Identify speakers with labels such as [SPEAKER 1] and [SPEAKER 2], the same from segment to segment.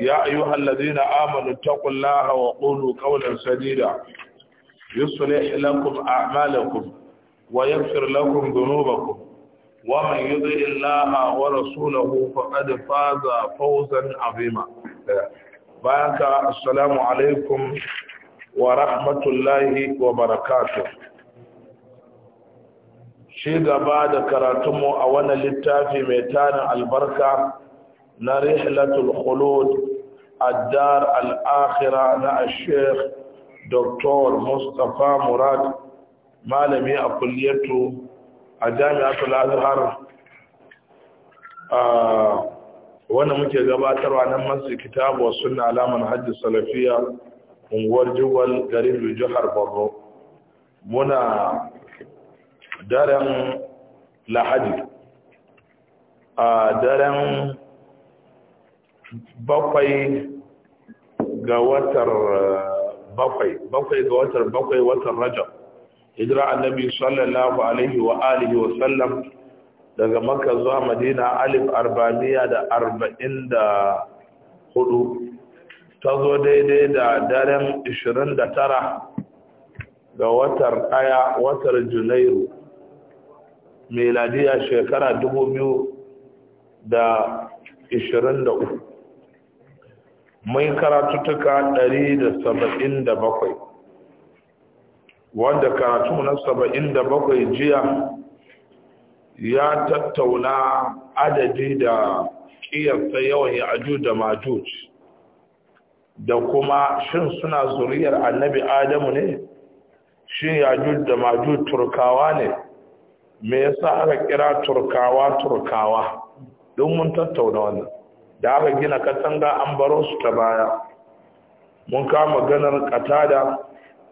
[SPEAKER 1] يا أيها الذين آمنوا اتقوا الله وقولوا قولا سديدا يصلح لكم أعمالكم ويغفر لكم ذنوبكم ومن يطع الله ورسوله فقد فاز فوزا عظيما بارك السلام عليكم ورحمة الله وبركاته شيء بعد كراتمو أولا للتافي ميتان البركة na rihlatul khulud الدار الآخرة na الشيخ دكتور مصطفى مراد malami a kulliyarto a jami'atul azhar muke gabatarwa nan masu kitabu sunna alaman hajji salafiya unguwar jigwal garin jihar borno muna daren lahadi a daren bakwai ga watar bakwai bakwai ga watar bakwai watar rajab hijira annabi sallallahu alaihi wa alihi wa sallam daga makka zuwa madina alif arba'miya da arba'in da hudu ta zo daidai da daren ishirin da tara ga watar ɗaya watar junairu meladiya shekara dubu biyu da ishirin da uku mun karatuttuka 177 wanda karatu na 77 jiya ya tattauna adadi da kiyasta yawan aju da majuj da kuma shin suna zuriyar annabi adamu ne shin aju da majuj turkawa ne me yasa aka kira turkawa turkawa don mun tattauna wannan da aka gina katanga an baro su ta baya mun kama maganar katada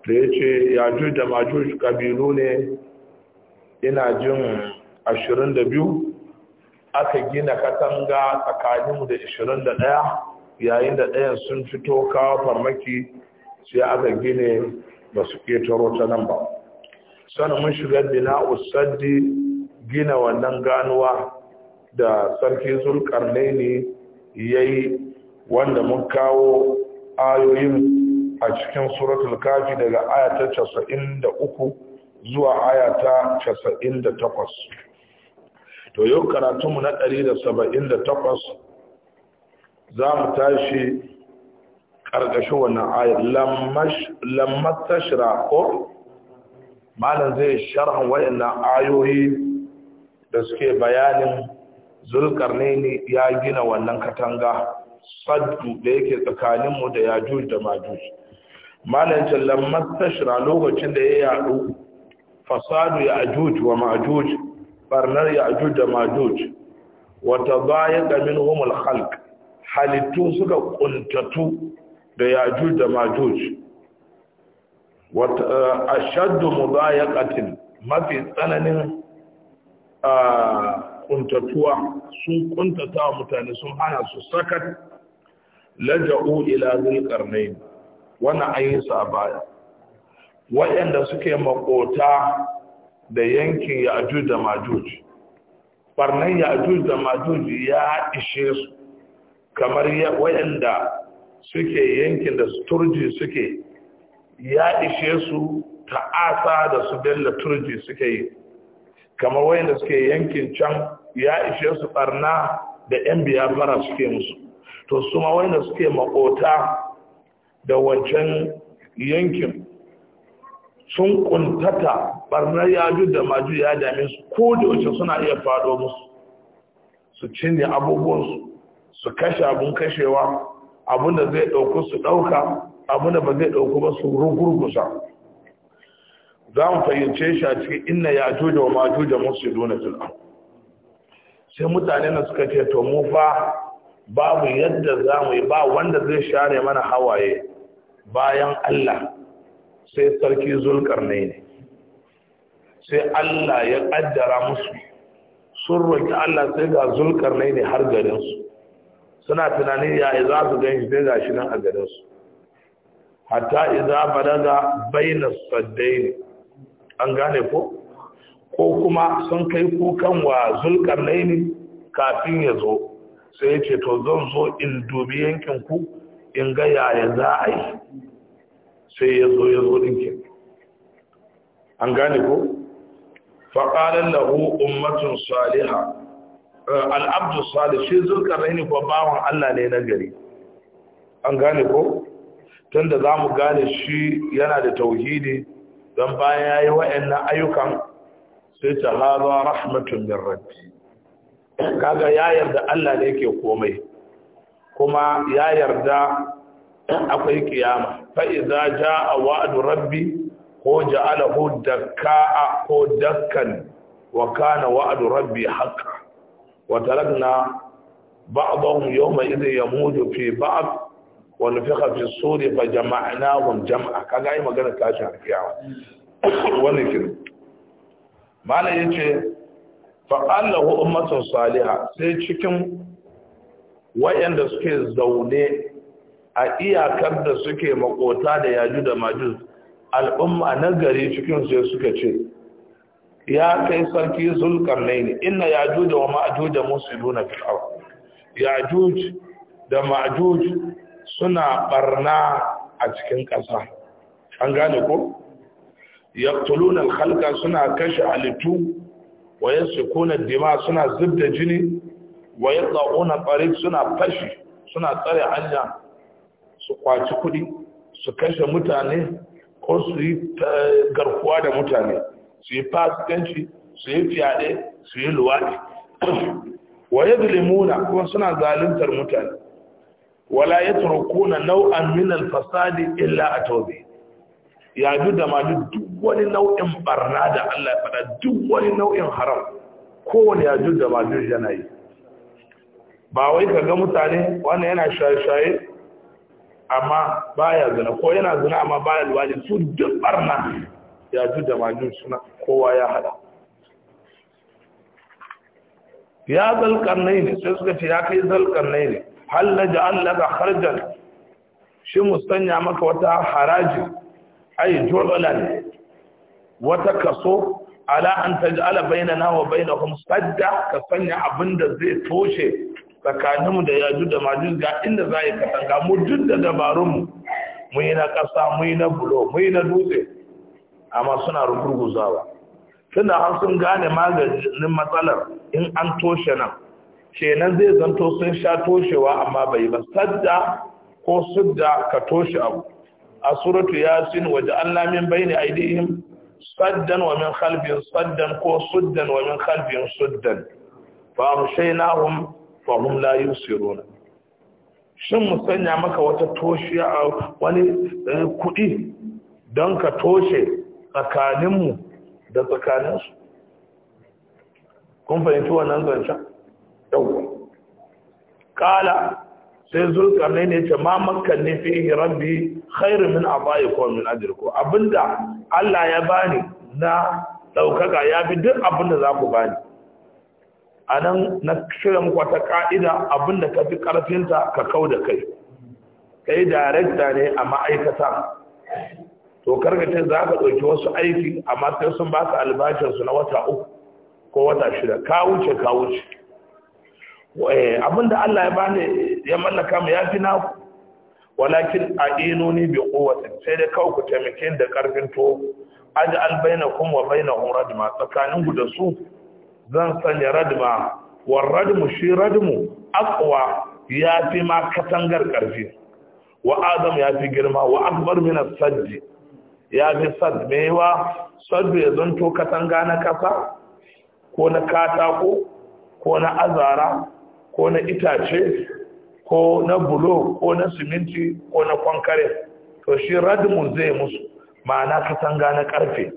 [SPEAKER 1] da ya ce yaju da maju kabilu ne ina jin 22 aka gina katanga tsakaninmu da 21 yayin da ɗayan sun fito kawo farmaki sai aka gine ba su ƙetaro ta nan ba sannan mun shiga bina usaddi gina wannan ganuwa da sarki ne yayi wanda mun kawo ayoyin a cikin suratul kafi daga ayata 93 zuwa ayata 98
[SPEAKER 2] to yau karatunmu
[SPEAKER 1] na 178 za mu tashi ƙarƙashin wannan ayar lammat tashira ko malam zai sharhan wayannan ayoyi da suke bayanin ne ya gina wannan katanga saddu da yake tsakaninmu da yajuj da majuj malan jallan mastashra lokacin da ya yadu fasadu ya ajuj wa majuj barnar ya ajuj da majuj wa tadayqa minhum al-khalq halittu suka kuntatu da yajuj da majuj wa eh, ashaddu mudayaqatin mafi tsananin ah, kuntatuwa sun kuntata mutane sun hana su sakat laja'u ila zil qarnayn wana ayisa baya waɗanda suke makota da yankin ya'juj da majuj barnan ya'juj da majuj ya ishe su kamar waɗanda suke yankin da turji suke ya ishe su ta'asa da su bella turji suke yi kamar wanda suke yankin can ya ishe su barna da yan biyafara suke musu to su ma wayanda suke makota da wancan yankin sun kuntata ɓarnar yaju da maju ya dame su ko da wace suna iya fado musu su cinye abubuwansu su kashe abun kashewa abun da zai ɗauku su ɗauka abun da ba zai ɗauku ba su rugurgusa za mu fahimce shi a cikin inna ya juje wa da musu duna an sai mutane na suka ce to mu fa babu yadda za mu yi ba wanda zai share mana hawaye bayan Allah sai sarki zulkarnai ne sai Allah ya ƙaddara musu sun roƙi Allah sai ga zulkarnai ne har garinsu suna tunanin yaya za su gan shi sai ga shi nan a garinsu hatta idza balaga bainas saddain an gane ko ko kuma sun kai kukan wa zulkar kafin ya zo sai ya ce to zan zo in dubi yankin ku in ga yaya za a yi sai ya zo ya zo ɗinkin an gane ko faƙalar lahu ummatun saliha eh, al'abdu salih shi zulkar naini ko bawon allah ne na gari an gane ko tunda za mu gane shi yana da tauhidi don bayan ya yi wa'annan ayyukan sai ta haza rahmatun min rabbi kaga ya yarda Allah ne ke komai kuma ya yarda akwai kiyama fa idza jaa wa'du rabbi ko ja'alahu dakka'a ko dakkan wa kana wa'du rabbi haqqan wa tarakna ba'dahum yawma idhin yamuju fi ba'd wani fi fi suri ba jama'a na wani jama'a kaga yi magana a kiyawa wani kiri mana ya ce fa'allahu ummatun saliha sai cikin wayanda suke zaune a iyakar da suke makota da yaju da majus al'umma na gari cikin sai suka ce ya kai sarki yi inna yaju da wa ma'aju da musulunan fir'aun yaju da ma'ajuj suna barna a cikin ƙasa an gane ko yaqtuluna al suna kashe alitu wa sukunan dima suna zubda jini wa yaqta'una tariq suna fashi suna tsare hanya su kwaci kudi su kashe mutane ko su yi eh, garkuwa da mutane su yi fasikanci su yi fiyade su yi luwaɗi wa kuma suna zaluntar mutane wala yatrukuna nau'an min al-fasadi illa atawbi ya ju da ma duk wani nau'in barna da Allah ya fada duk wani nau'in haram wani ya ju da ma duk yana yi ba wai ka ga mutane wannan yana shaye-shaye amma baya zina ko yana zina amma baya alwali su duk barna ya ju da ma duk suna kowa ya hada ya zalƙar nai ne sai suka ce ya kai zalƙar nai ne halla da laka kharjan shi mu maka wata haraji ay ju'lan wata kaso ala an taj'ala bainana wa bainahum sadda ka sanya abin da zai toshe tsakaninmu da yaju da majin ga inda za yi katanga mu duk da dabarunmu mu yi na ƙasa mu yi na bulo mu yi na dutse amma suna rugurguzawa tunda har sun gane maganin matsalar in an toshe nan kenan zai zanto sun sha toshewa amma bai ba sadda ko sudda ka toshe abu a suratu yasin waje Allah min bayni aidihim saddan wa min khalfihim saddan ko suddan wa min khalfihim suddan fa amshaynahum fa hum la yusiruna shin mu sanya maka wata toshiya a wani eh, kudi don ka toshe tsakaninmu da tsakaninsu kun fahimci wannan zancen yawwa kala sai zulkarne ne ce ma makkan fi rabbi khairu min abai ko min ajriku abinda Allah ya bani na daukaka ya fi duk abinda za ku bani anan na shirya muku wata ka'ida abinda ka fi karfinta ka kau da kai kai darekta ne a ma'aikata to karkace za ka ɗauki wasu aiki amma sai sun baka albashinsu na wata uku ko wata shida ka wuce ka wuce Eh, abinda Allah ya bani ya mallaka mu ya yafi naku walakin a'inuni bi quwwatin sai dai kawai ku taimake da karfin to al bainakum wa bainahum radma tsakanin ku da su zan sanya radma war radmu shi radmu aqwa fi ma katangar karfi wa adam fi girma wa akbar min as ya yafi sad mewa sad ya zanto katanga na kasa ko na katako ko na azara ko na itace ko na bulo ko na siminti ko na kwankare to shi radmun zai musu ma'ana katanga na karfe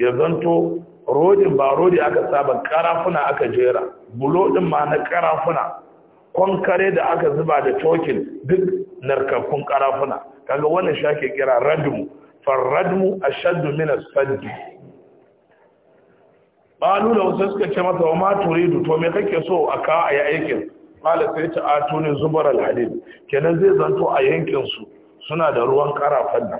[SPEAKER 1] ya zanto rodin ba rodi aka saba karafuna aka jera bulo din ma na karafuna kwankare da aka zuba da tokin duk narkakkun karafuna kaga wannan shake kira radmu farradmu ashaddu min as-sadd Balu da wasu suka ce masa wa ma turidu to me kake so a ka a yakin qala sai ta ne zubar alhadid kenan zai zanto a yankin su suna da ruwan karafan nan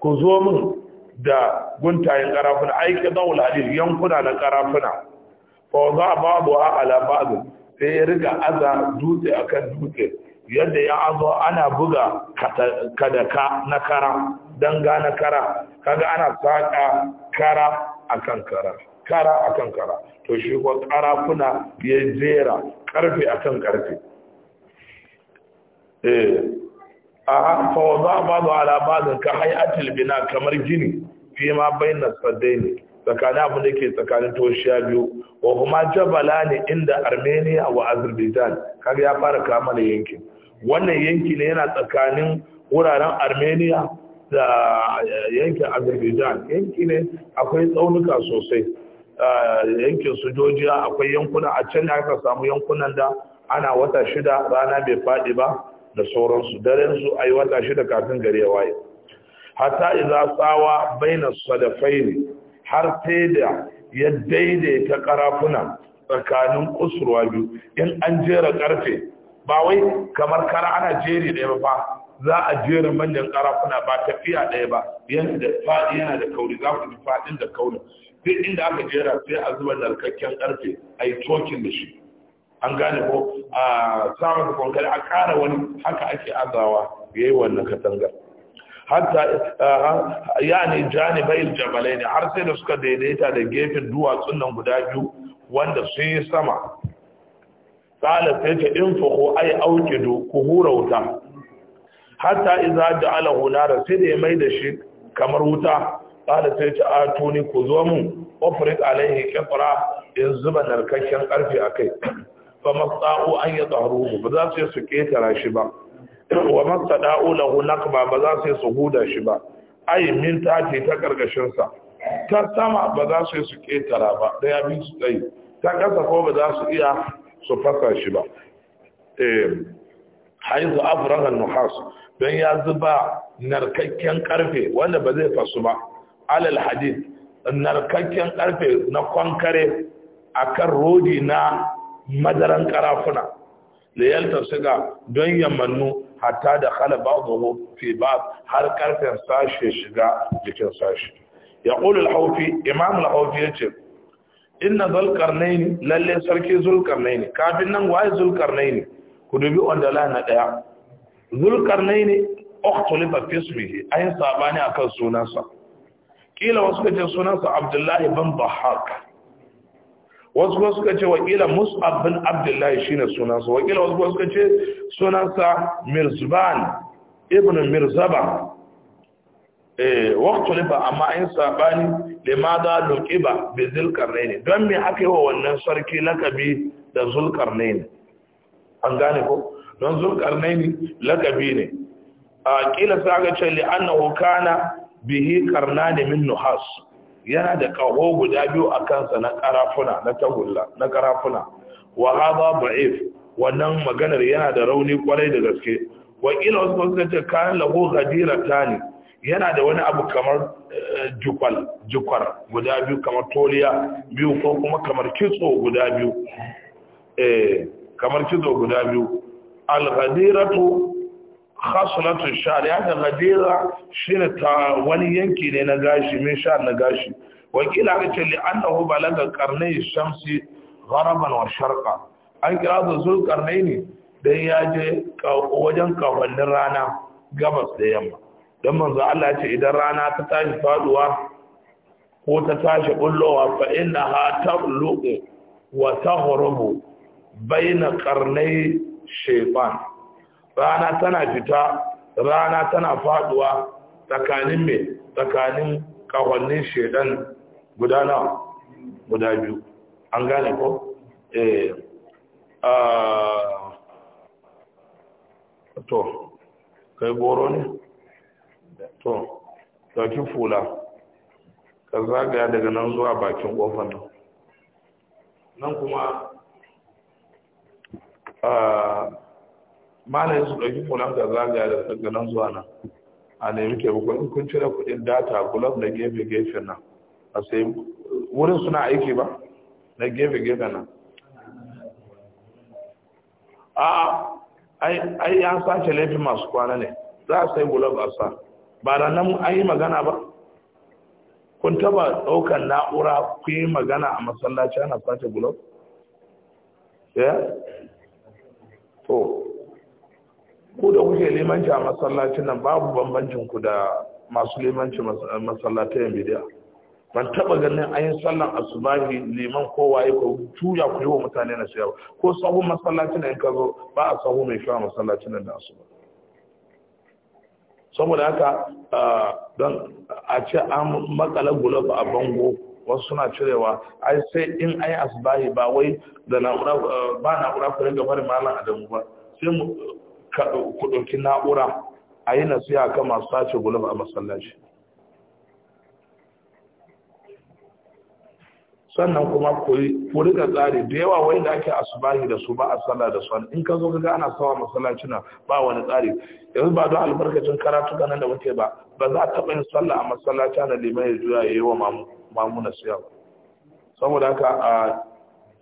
[SPEAKER 1] ku zo min da guntayen karafuna aiki da alhadid yankuna na karafuna fa za babu ala babu sai ya riga aza dutse akan dutse yadda ya azo ana buga kadaka na kara danga na kara kaga ana saka kara akan kara kara akan kara to shi ko kuna ya jera karfe akan karfe eh aha fa wada ba'd ala ba'd ka hay'atil bina kamar gini fi ma bainas saddaini tsakanin abu da ke tsakanin toshiya biyu wa kuma jabala ne inda armenia wa azerbaijan kaga ya fara kama da yankin wannan yanki ne yana tsakanin wuraren armenia da eh, yankin azerbaijan yanki ne akwai tsaunuka sosai Eh, yankin su akwai yankuna a can ne aka samu yankunan da ana wata shida rana bai faɗi ba da sauransu daren su ayi wata shida kafin gari ya waye hatta idza sawa baina sadafaini har sai da ya daidaita karafuna tsakanin kusurwa biyu in an jera karfe ba wai kamar kara ana jeri ɗaya ba za a jera manyan karafuna ba tafiya ɗaya ba yana da da kauri za ku ji faɗin da kauri Sai inda aka jera sai a zuba narkakken karfe a yi tokin da shi an gane ko a samun kwankari a kara wani haka ake azawa ya yi wannan katangar hatta ya ne bai jabalai ne har sai da suka daidaita da gefen duwatsun nan guda biyu wanda sun yi sama ƙala sai ta infako ai auke ku hura wuta hatta iza da ala hunara sai da ya mai da shi kamar wuta kada sai ta a tuni ku zo mun ofrit alaihi qatra in zuba narkakken karfi akai fa masau an mu ba za su su ketara shi ba wa masadau na hunak ba za su su huda shi ba ai min tati ta karkashin sa ta sama ba za su su ketara ba da ya bi su tsayi ta kasa ko ba za su iya su fasa shi ba eh haizu afrahan nuhas don ya zuba narkakken karfe wanda ba zai fasu ba alal hadid narkakken karfe na kwankare akan rodi na madaran karafuna da yalta shiga don yammannu hatta da khala ba'dahu fi ba har karfen sashe shiga jikin sashe yaqulu al-hawfi imam al-hawfi yace inna zulqarnain lalle sarki zulqarnain kafin nan waye zulqarnain ku dubi wanda la na daya zulqarnain ukhtalifa fi ismihi saɓani sabani akan sunansa kila wasu ka ce sunansa abdullahi ban bahaka wasu wasu ka ce wakila mus'ab bin abdullahi shine sunansa wakila wasu wasu ka ce sunansa mirzban ibn mirzaba eh waqtu liba amma in sabani limada luqiba bi ne. don me aka yi wa wannan sarki lakabi da ne? an gane ko don ne lakabi ne a kila sa ga ce li kana bihi karnani min nuhas yana da kaho guda biyu a kansa na karafuna na tagulla na karafuna wa hada ba'if wannan maganar yana da rauni kwarai da gaske wa ila wasu ta ce kan lahu tani yana da wani abu kamar eh, jukwal jukwar guda biyu kamar toliya biyu ko kuma kamar kitso guda biyu eh kamar kitso guda biyu al ghadiratu khasulatun sha'ar ya ga gadira shi ne ta wani yanki ne na gashi min sha'ar na gashi wakila aka ce li annahu balaga karnai shamsi gharaban wa sharqa an kira da zul karnai ne dan ya je wajen kawannin rana gabas da yamma dan manzo Allah ya ce idan rana ta tashi faduwa ko ta tashi bullowa fa innaha tabluqu wa taghrubu baina qarnai shaytan rana tana fita rana tana faduwa tsakanin mai tsakanin kawannin shedan gudana, guda biyu an gane ko eh ah. to kai goro ne to dauki fula ka zagaya daga nan zuwa bakin kofar nan nan kuma ah, malayin su ɗauki kunan da da tsaganan zuwa nan a nemi taimako in kun cire kuɗin data gulab na gefe-gefe nan a sai wurin suna aiki ba na gefe-gefe nan a ai an sace laifin masu kwana ne za a sai gulab a sa ba da nan an yi magana ba kun taba ɗaukar na'ura ku yi magana a masallaci ana sace gulab? ya? Eh? to ku da kuke limanci a masallacin nan babu bambancin ku da masu limanci eh, masallatayen bidiya ban taba ganin an yi sallan asubahi liman kowa ya ko tuya ku yi wa mutane na shayar ko sahu masallacin nan ka zo ba a sahu mai kyau a masallacin nan da asuba saboda haka ah, don a ce an makala gulab a bango wasu suna cirewa ai sai in ai asubahi ba wai da na'ura eh, ba na'ura ku ringa bari malam adamu ba sai ku ɗauki na'ura a yi nasiha masu sace gulab a masallaci sannan kuma ku riga tsari da yawa wai da ake asubahi da su ba a sallah da wani, in ka zo ga ana sawa masallaci na ba wani tsari yanzu ba don albarkacin karatu ganin da wuce ba ba za a taɓa yin sallah a masallaci na limai ya juya ya yi wa mamu nasiha ba saboda haka a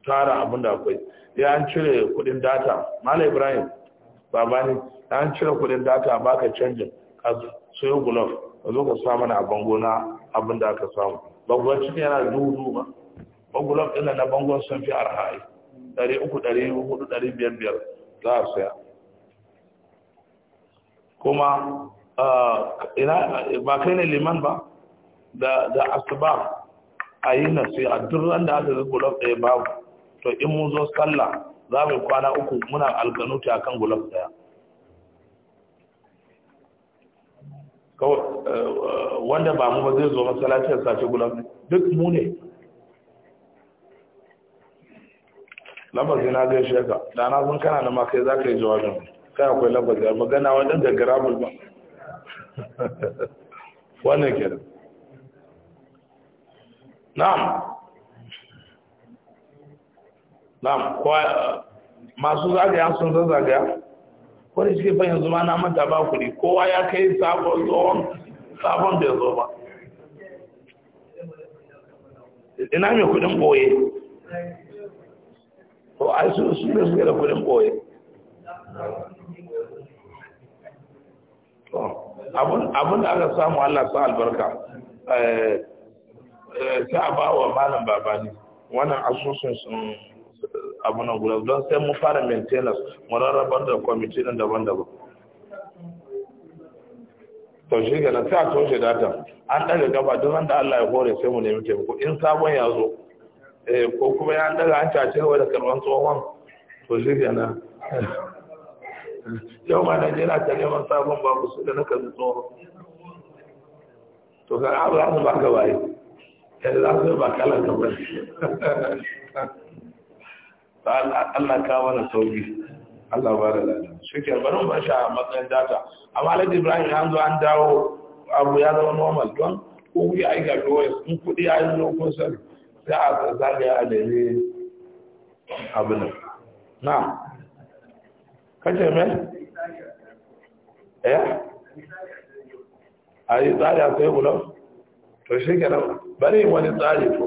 [SPEAKER 1] tara abin da akwai ya an cire kuɗin data malam ibrahim baba ne an cire kuɗin data baka canjin ka sayo gulof ka zo ka sa na a bango na abin da aka samu bangon ciki yana dubu ba bangulof ɗin na bangon sun fi arha'i ɗari uku ɗari hudu ɗari biyar biyar za a saya kuma ba kai ne liman ba da asuba a yi nasiha duk ran da aka ga gulof ɗaya babu to in mun zo sallah za mu kwana uku muna alkanuta a kan gulaf daya eh, wanda ba mu ba zai zo masalacin sace gulaf ne duk mu ne lafazi na gai sheka da na sun kana da ma kai za ka yi jawabin kai akwai lafazi magana wadanda garabul ba wannan kenan na'am na'am masu zagaya sun zan zagaya wani suke fa yanzu ma na manta ba kuɗi kowa ya kai sabon tsohon sabon ya zo ba ina mai kuɗin ɓoye to ai su su ne suke da kuɗin ɓoye abin da aka samu Allah sa albarka eh, eh, sai a ba wa malam babani wannan asusun sun abunan guda don sai mun fara maintenance mu rarrabar da kwamiti ɗin daban-daban to shi ga na sai a toshe data an daga gaba duk wanda Allah ya hore sai mu nemi taimako in sabon ya zo eh ko kuma ya daga an cace wa da karban tsohon to shi ga na
[SPEAKER 2] yau ma Najeriya ta neman
[SPEAKER 1] sabon babu su da na kan tsohon to ga abu za su ba ka yi yanzu za su ba kalan gaba Allah ka mana sauki Allah ba da ladan shike barin ba sha matsayin data amma Alhaji Ibrahim an zo an dawo abu ya zama normal don ko ku ya aika doye in kudi ya yi lokacin sai sai a zagaya a dare abin nan na kace mai eh a yi tsari a sai bulan to shi ke nan bari wani tsari to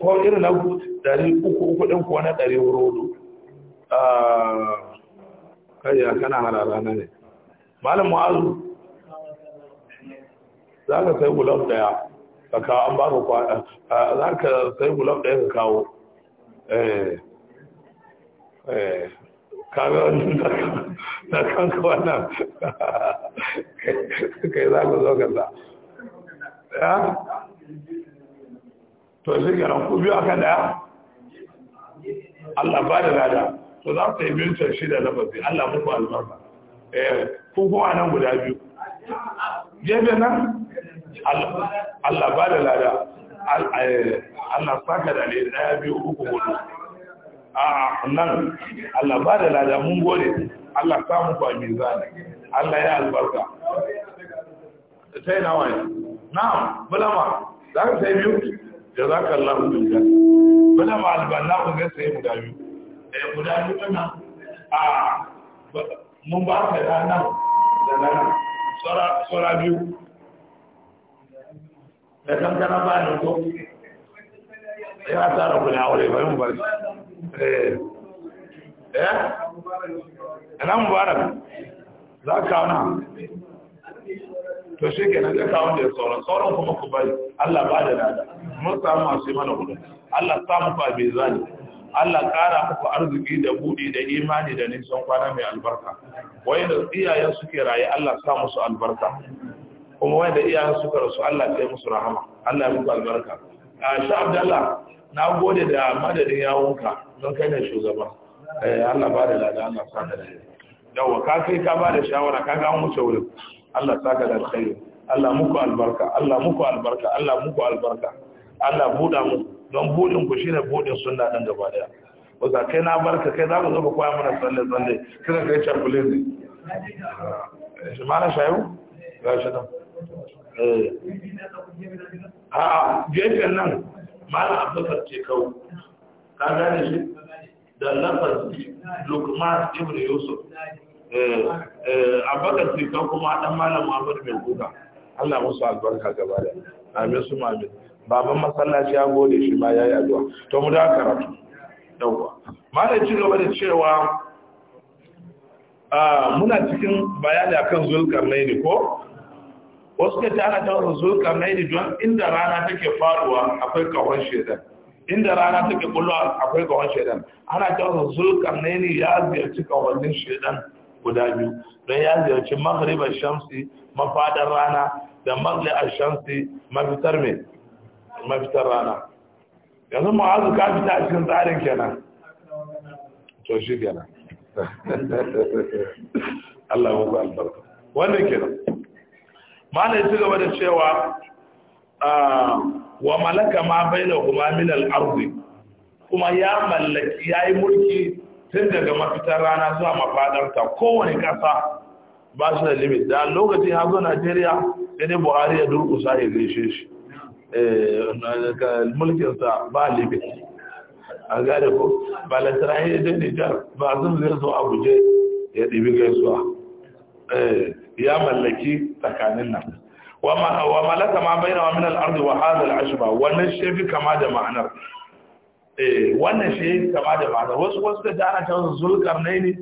[SPEAKER 1] ko irin na dari uku uku ɗin ko na ɗari hudu a ah, kariya kana harara na ne malam ma'azu za ka sai gulab daya ka kawo an baka kwana ah, za ka sai gulab daya ka kawo eh eh na na kanka wannan kai za ka zo ka sa to yanzu garan ku biyu aka daya Allah ba da lada to za ku yi mintar shida da bazi Allah muku albarka eh ku kuma nan guda biyu jebe nan Allah ba da lada eh, Allah saka da ne daya biyu uku hudu a nan Allah ba da lada mun gode Allah samu ba mizani Allah ya albarka sai na ne na'am bulama za ka sai biyu jazakallahu bil janna bana ma albanna ku ga sai guda biyu eh guda biyu kana a mun ba ka rana da rana sora sora biyu da kankana ba ne ko
[SPEAKER 2] ya tsara guda aure bai mu bari
[SPEAKER 1] eh eh ana mubarak za ka
[SPEAKER 2] to shi ke nan zai kawo da
[SPEAKER 1] sauran sauran kuma ku bari allah ba da nada mun samu masu mana hudu Allah sa muku a bezani Allah ƙara muku arziki da buɗi da imani da nisan kwana mai albarka wayanda iyayen suke raye Allah sa musu albarka kuma wayanda iyayen suka rasu Allah ya musu rahama Allah ya muku albarka a sha Abdallah na gode da madadin yawonka don kai ne shugaba eh, Allah ba da lada Allah sa da lada yawa ka kai ka ba da shawara ka ga mu wurin Allah sa ka da alkhairi Allah muku albarka Allah muku albarka Allah muku albarka Allah buɗa mu don buɗin ku shine buɗin sunna din gaba daya ba za kai na barka kai za mu zo ku koya mana tsalle tsalle kada kai chapule ne shi eh, mana shayu ga shi nan eh a gefen nan malam abubakar ce kawo ka gane shi da lafar lukman ibn yusuf eh, eh, abubakar ce kawo kuma dan malam muhammad mai kuka Allah musu albarka gaba daya amin su mamin baban masallaci ya gode shi ba yayi addu'a to mu da karatu yawa malai ci gaba da cewa muna cikin bayani akan zulkarnaini ko wasu ke tana ta wasu zulkarnaini don inda rana take faduwa akwai kawon shedan inda rana take kullowa akwai kawon shedan ana ta wasu zulkarnaini ya ziyarci kawannin shedan guda biyu don ya ziyarci mahribar shamsi mafadar rana da a shamsi mafitar mai mafitar rana yanzu ma'azu ka fita a cikin tsarin kenan to shi kenan Allah ya muku albarka wannan kenan malai ci gaba da cewa ah, wa malaka ma baina kuma min al-ardi kuma ya mallaki yayi mulki tun daga mafitar rana zuwa mafadarta kowane kasa ba shi da limit da lokacin ya zo Najeriya sai dai Buhari ya durkusa ya gaishe shi Eh, mulkinsa ba libya a gane ko ba lantarahi ya dai nijar ba zan zai zo abuje ya ɗibi gaisuwa eh, ya mallaki tsakanin nan wa malaka ma bai rawa min al'arzi wa hazal ashba wannan shi fi kama da ma'anar eh, wannan shi kama da ma'anar wasu wasu da jana can zulkar ne ne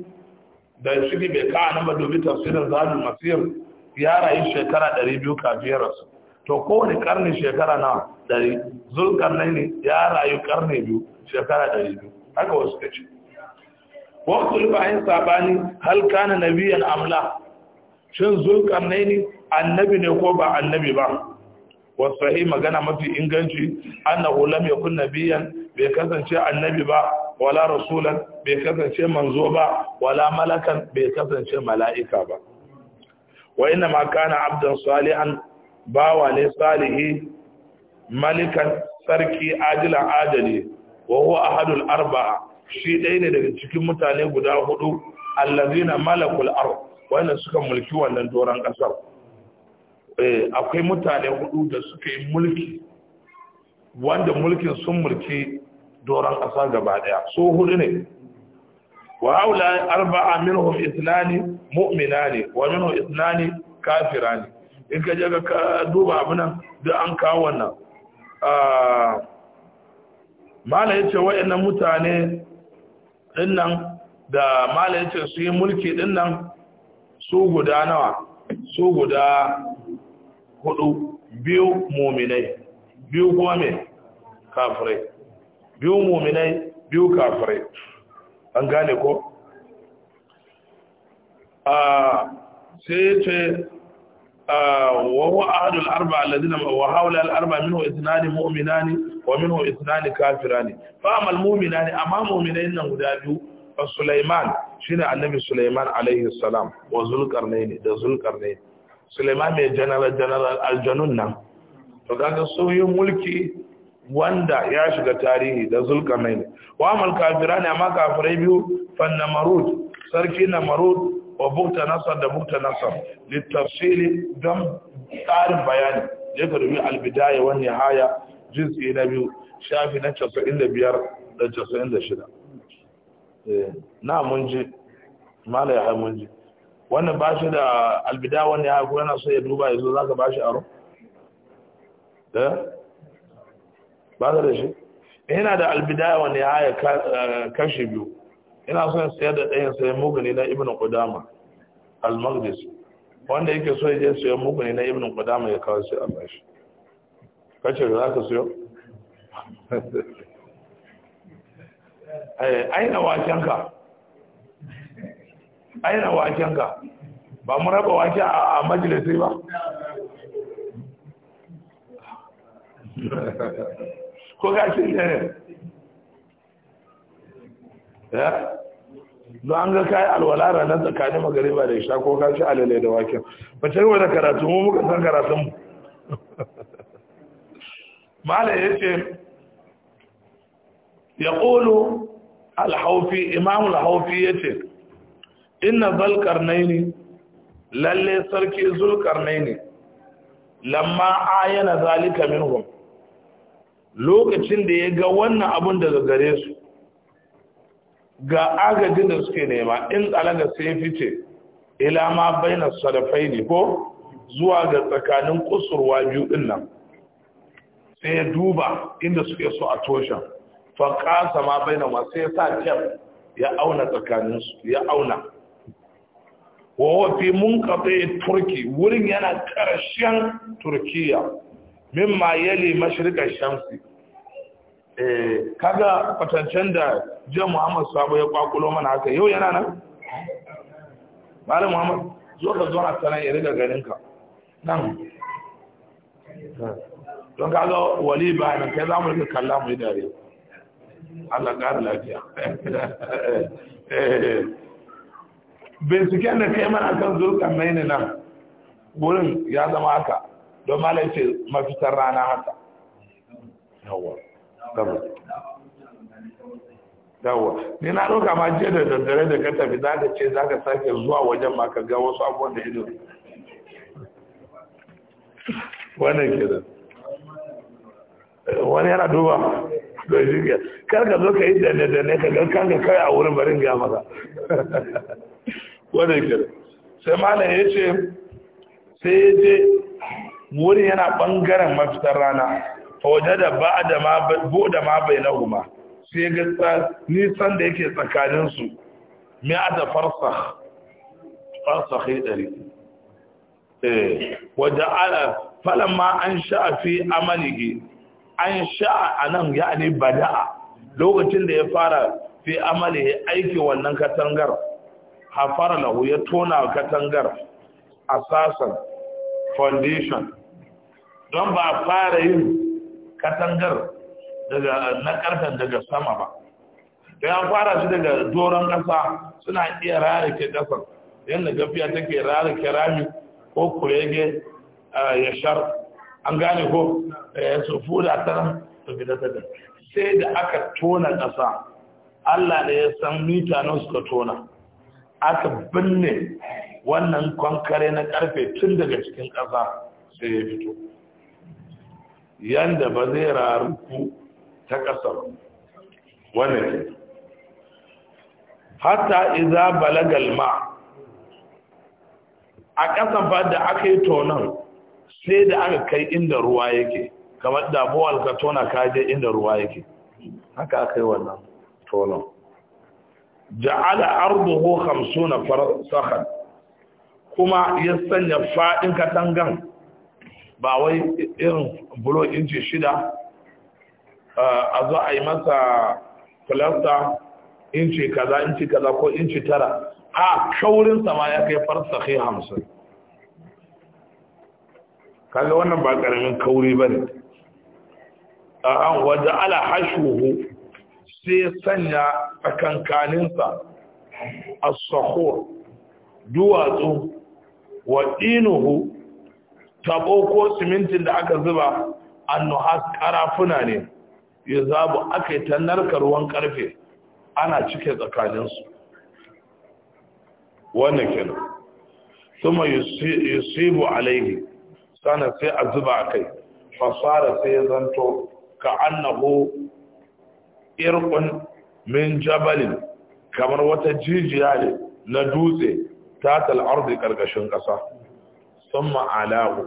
[SPEAKER 1] da shi bai ka'a ba madobi tafsirin zalul masir ya rayu shekara 200 kafin rasu to kowane karni shekara na dari zulkarnai ne ya rayu karni biyu shekara dari biyu haka wasu ka waktu bayan sabani hal kana nabiyan amla shin zulkarnai ne annabi ne ko ba annabi ba wasahi magana mafi inganci annahu lam yakun nabiyan bai kasance annabi ba wala rasulan bai kasance manzo ba wala malakan bai kasance mala'ika ba wa inna ma kana abdan salihan bawa ne salihi malikan sarki ajila ajali wa huwa ahadul arba'a shi dai ne daga cikin mutane guda hudu allazina malakul ard wanda suka mulki wannan doron kasar eh akwai mutane hudu da suka yi mulki wanda mulkin sun mulki doron kasa gaba daya so hudu ne wa haula arba'a minhum ithnani mu'minani wa minhum ithnani kafirani in ka je ka duba abinan da an kawo wannan mala ya ce wa'annan mutane dinnan da mala ya ce su yi mulki dinnan su guda nawa su guda hudu biyu muminai biyu kuma mai kafirai biyu muminai biyu kafirai an gane ko sai ya ce وهو أحد الأربع الذين وهؤلاء الأربع منه إثنان مؤمنان ومنه إثنان كافران فأما المؤمنان أما مؤمنين هدابيو فسليمان شنو النبي سليمان عليه السلام وزل القرنين ده ذو القرنين سليمان من جنرال جنرال الجنون نعم to kaga soyin mulki wanda ya shiga tarihi da zulkarnain wa amal kafirani amma kafirai biyu fan wa bukta nasar da bukta nasar littafsiri don tsarin bayani je ka dubi albidaya wa nihaya jinsi na biyu shafi na 95 da 96 eh, na mun ji mala ya mun ji wannan ba shi da albidaya wa nihaya ko yana so ya duba za zaka ba shi aro da? Eh? ba da shi yana da albidaya wa nihaya eh, kashi biyu ina so in sayar da ɗayan sayan muguni na ibn qudama al-maqdis wanda yake so ya je sayan muguni na ibn qudama ya kawo shi a bashi kace da zaka sayo eh aina wakenka aina wakenka ba mu raba wake a majalisi ba ko ga shi ne ya eh? an ga kayi alwala ranar tsakanin magariba da isha ko kashi alalai da waken ba ce da karatu mu muka san karatun mu malai ya ce ya ƙolo alhaufi imamu alhaufi ya ce ina zalkar naini lalle sarki zulkar naini lamma a yana zalika minhum lokacin da ya ga wannan abun daga gare su ga agajin da suke nema in alaga sai fice ila ma baina sadafai ne ko zuwa ga tsakanin kusurwa biyu din nan sai duba inda suke so a toshen fa kasa ma baina ma sai sa kem ya auna tsakanin su ya auna wa wafi mun kafe turki wurin yana karshen turkiya mimma yali mashriqar shamsi Eh, kaga kwatancen da jiya muhammad sabo ya kwakulo mana haka yau yana nan malam muhammad zo ka zo na sanar iri ga ganin ka nan don kaga wali ba nan kai za mu rika kalla mu yi dare Allah ƙara lafiya binciken da kai mana kan zurkan maini nan wurin ya zama haka don malai ce mafitar rana haka yawon gabas
[SPEAKER 2] yawa ni na ɗauka ma jiya da daddare da
[SPEAKER 1] ka tafi za ka ce za ka sake zuwa wajen ma ka ga wasu abubuwan da ido wani ke da wani yana duba da jirgin karka zo ka yi dane dane ka ga kanka kai a wurin barin ga maka wani ke da sai malam ya ce sai ya je wurin yana bangaren mafitar rana fawajada ba'da ma bai ma huma sai ga nisan da yake tsakanin su mi'ata farsakh farsakhi dari eh waja'ala falamma sha'a fi amalihi sha'a anan yani bada'a lokacin da ya fara fi amalihi aiki wannan katangar hafara lahu ya tona katangar asasan foundation don ba a fara yin katangar daga na karfen daga sama ba da ya fara shi daga doron ƙasa suna iya rarake ƙasar yadda gafiya take rarake rami ko kurege a yashar an gane ko ya eh, sufu da ta ta fita ta sai da aka tona ƙasa Allah da ya san mita nan suka tona aka binne wannan kwankare na ƙarfe tun daga cikin ƙasa sai ya fito yanda ba zai raru ku ta ƙasar wani. ke hatta iza balagal ma a kasa ba da aka yi tonon sai da aka kai inda ruwa yake kamar damuwar ka tona kaje inda ruwa yake haka aka yi wannan tonon ja'ala arduhu 50 farsahan kuma ya sanya fadin katangan ba wai irin bulo inci shida eh, a zo a yi masa filasta inci kaza inci kaza ko inci tara a shaurin ma ya kai kai hamsin kaga wannan ba karamin kauri ba ne an waje ala hashuhu sai sanya kankaninsa a sahur duwatsu wa inuhu tabo ko simintin da aka zuba annuhas karafuna ne ya zabu aka yi ta narkar ruwan karfe ana cike tsakaninsu wannan kenan kuma yusibu alaihi sana sai a zuba a kai fasara sai ya zanto ka annahu irkun min jabalin kamar wata jijiya ne na dutse ta tal'arzi karkashin ƙasa ثم علاه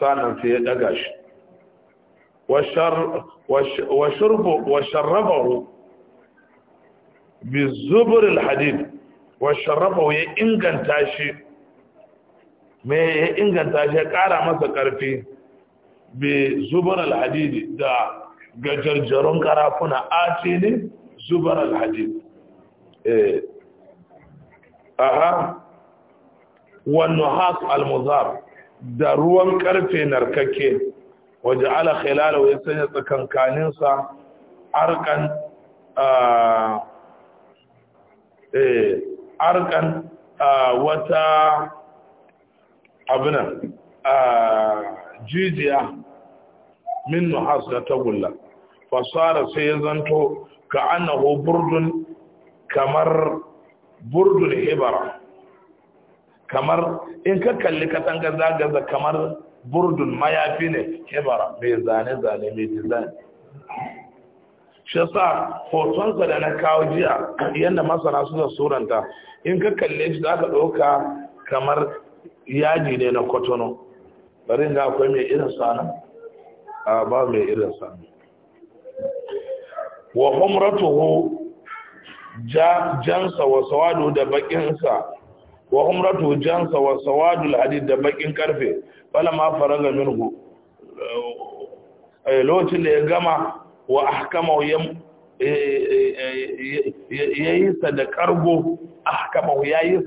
[SPEAKER 1] سانن سي دغاش وشر وشرب وشربه بالزبر الحديد وشربه ينغنتاشي ما ينغنتاشي قارا مسا قرفي بزبر الحديد دا ججرجرون قرافنا اتيني زبر الحديد ايه اها والنحاس المضاب da ruwan karfe narkake waje ala khilalahu ya sanya tsakankaninsa arkan eh, arkan wata abuna jijiya min nuhas da tagulla fasara sai ya zanto ka annahu burdun kamar burdun hibara kamar in ka kalli katanga zagaza kamar burdun mayafi ne kebara mai zane-zane mai dizani shi hotonsa da na kawo jiya yadda masana suna suranta in ka kalli shi za ka ɗauka kamar yaji ne na kwatano bari ga akwai mai irin sana a ba mai irin sana wa umratuhu jansa wa sawadu da bakinsa wa umratu jansa wa sawadul hadid da bakin karfe fala ma faraga minhu ay eh, loti ya gama wa ahkama ya eh, eh, yi sa da ahkama ya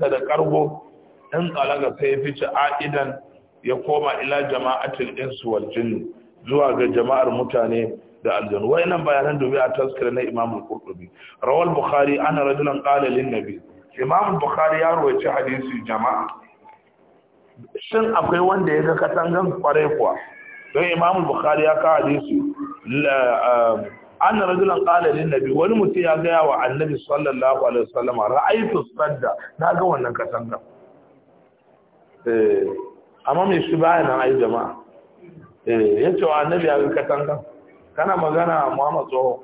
[SPEAKER 1] sai fice a'idan ya koma ila jama'atul insu wal jinn zuwa ga jama'ar mutane da aljanu wayannan bayanan dubi a taskira na imamul qurtubi rawal bukhari ana rajulan qala lin nabi imam bukhari ya roci hadisi jama'a shin akwai wanda ya ga katangan kware kuwa don imam bukhari ya ka hadisi an rajulan qala lin nabi wani mutum ya gaya wa annabi sallallahu alaihi wasallam ra'aytu sadda na ga wannan katangan eh amma me shi bayan ai jama'a eh yace wa annabi ya ga katangan kana magana Muhammad tsoho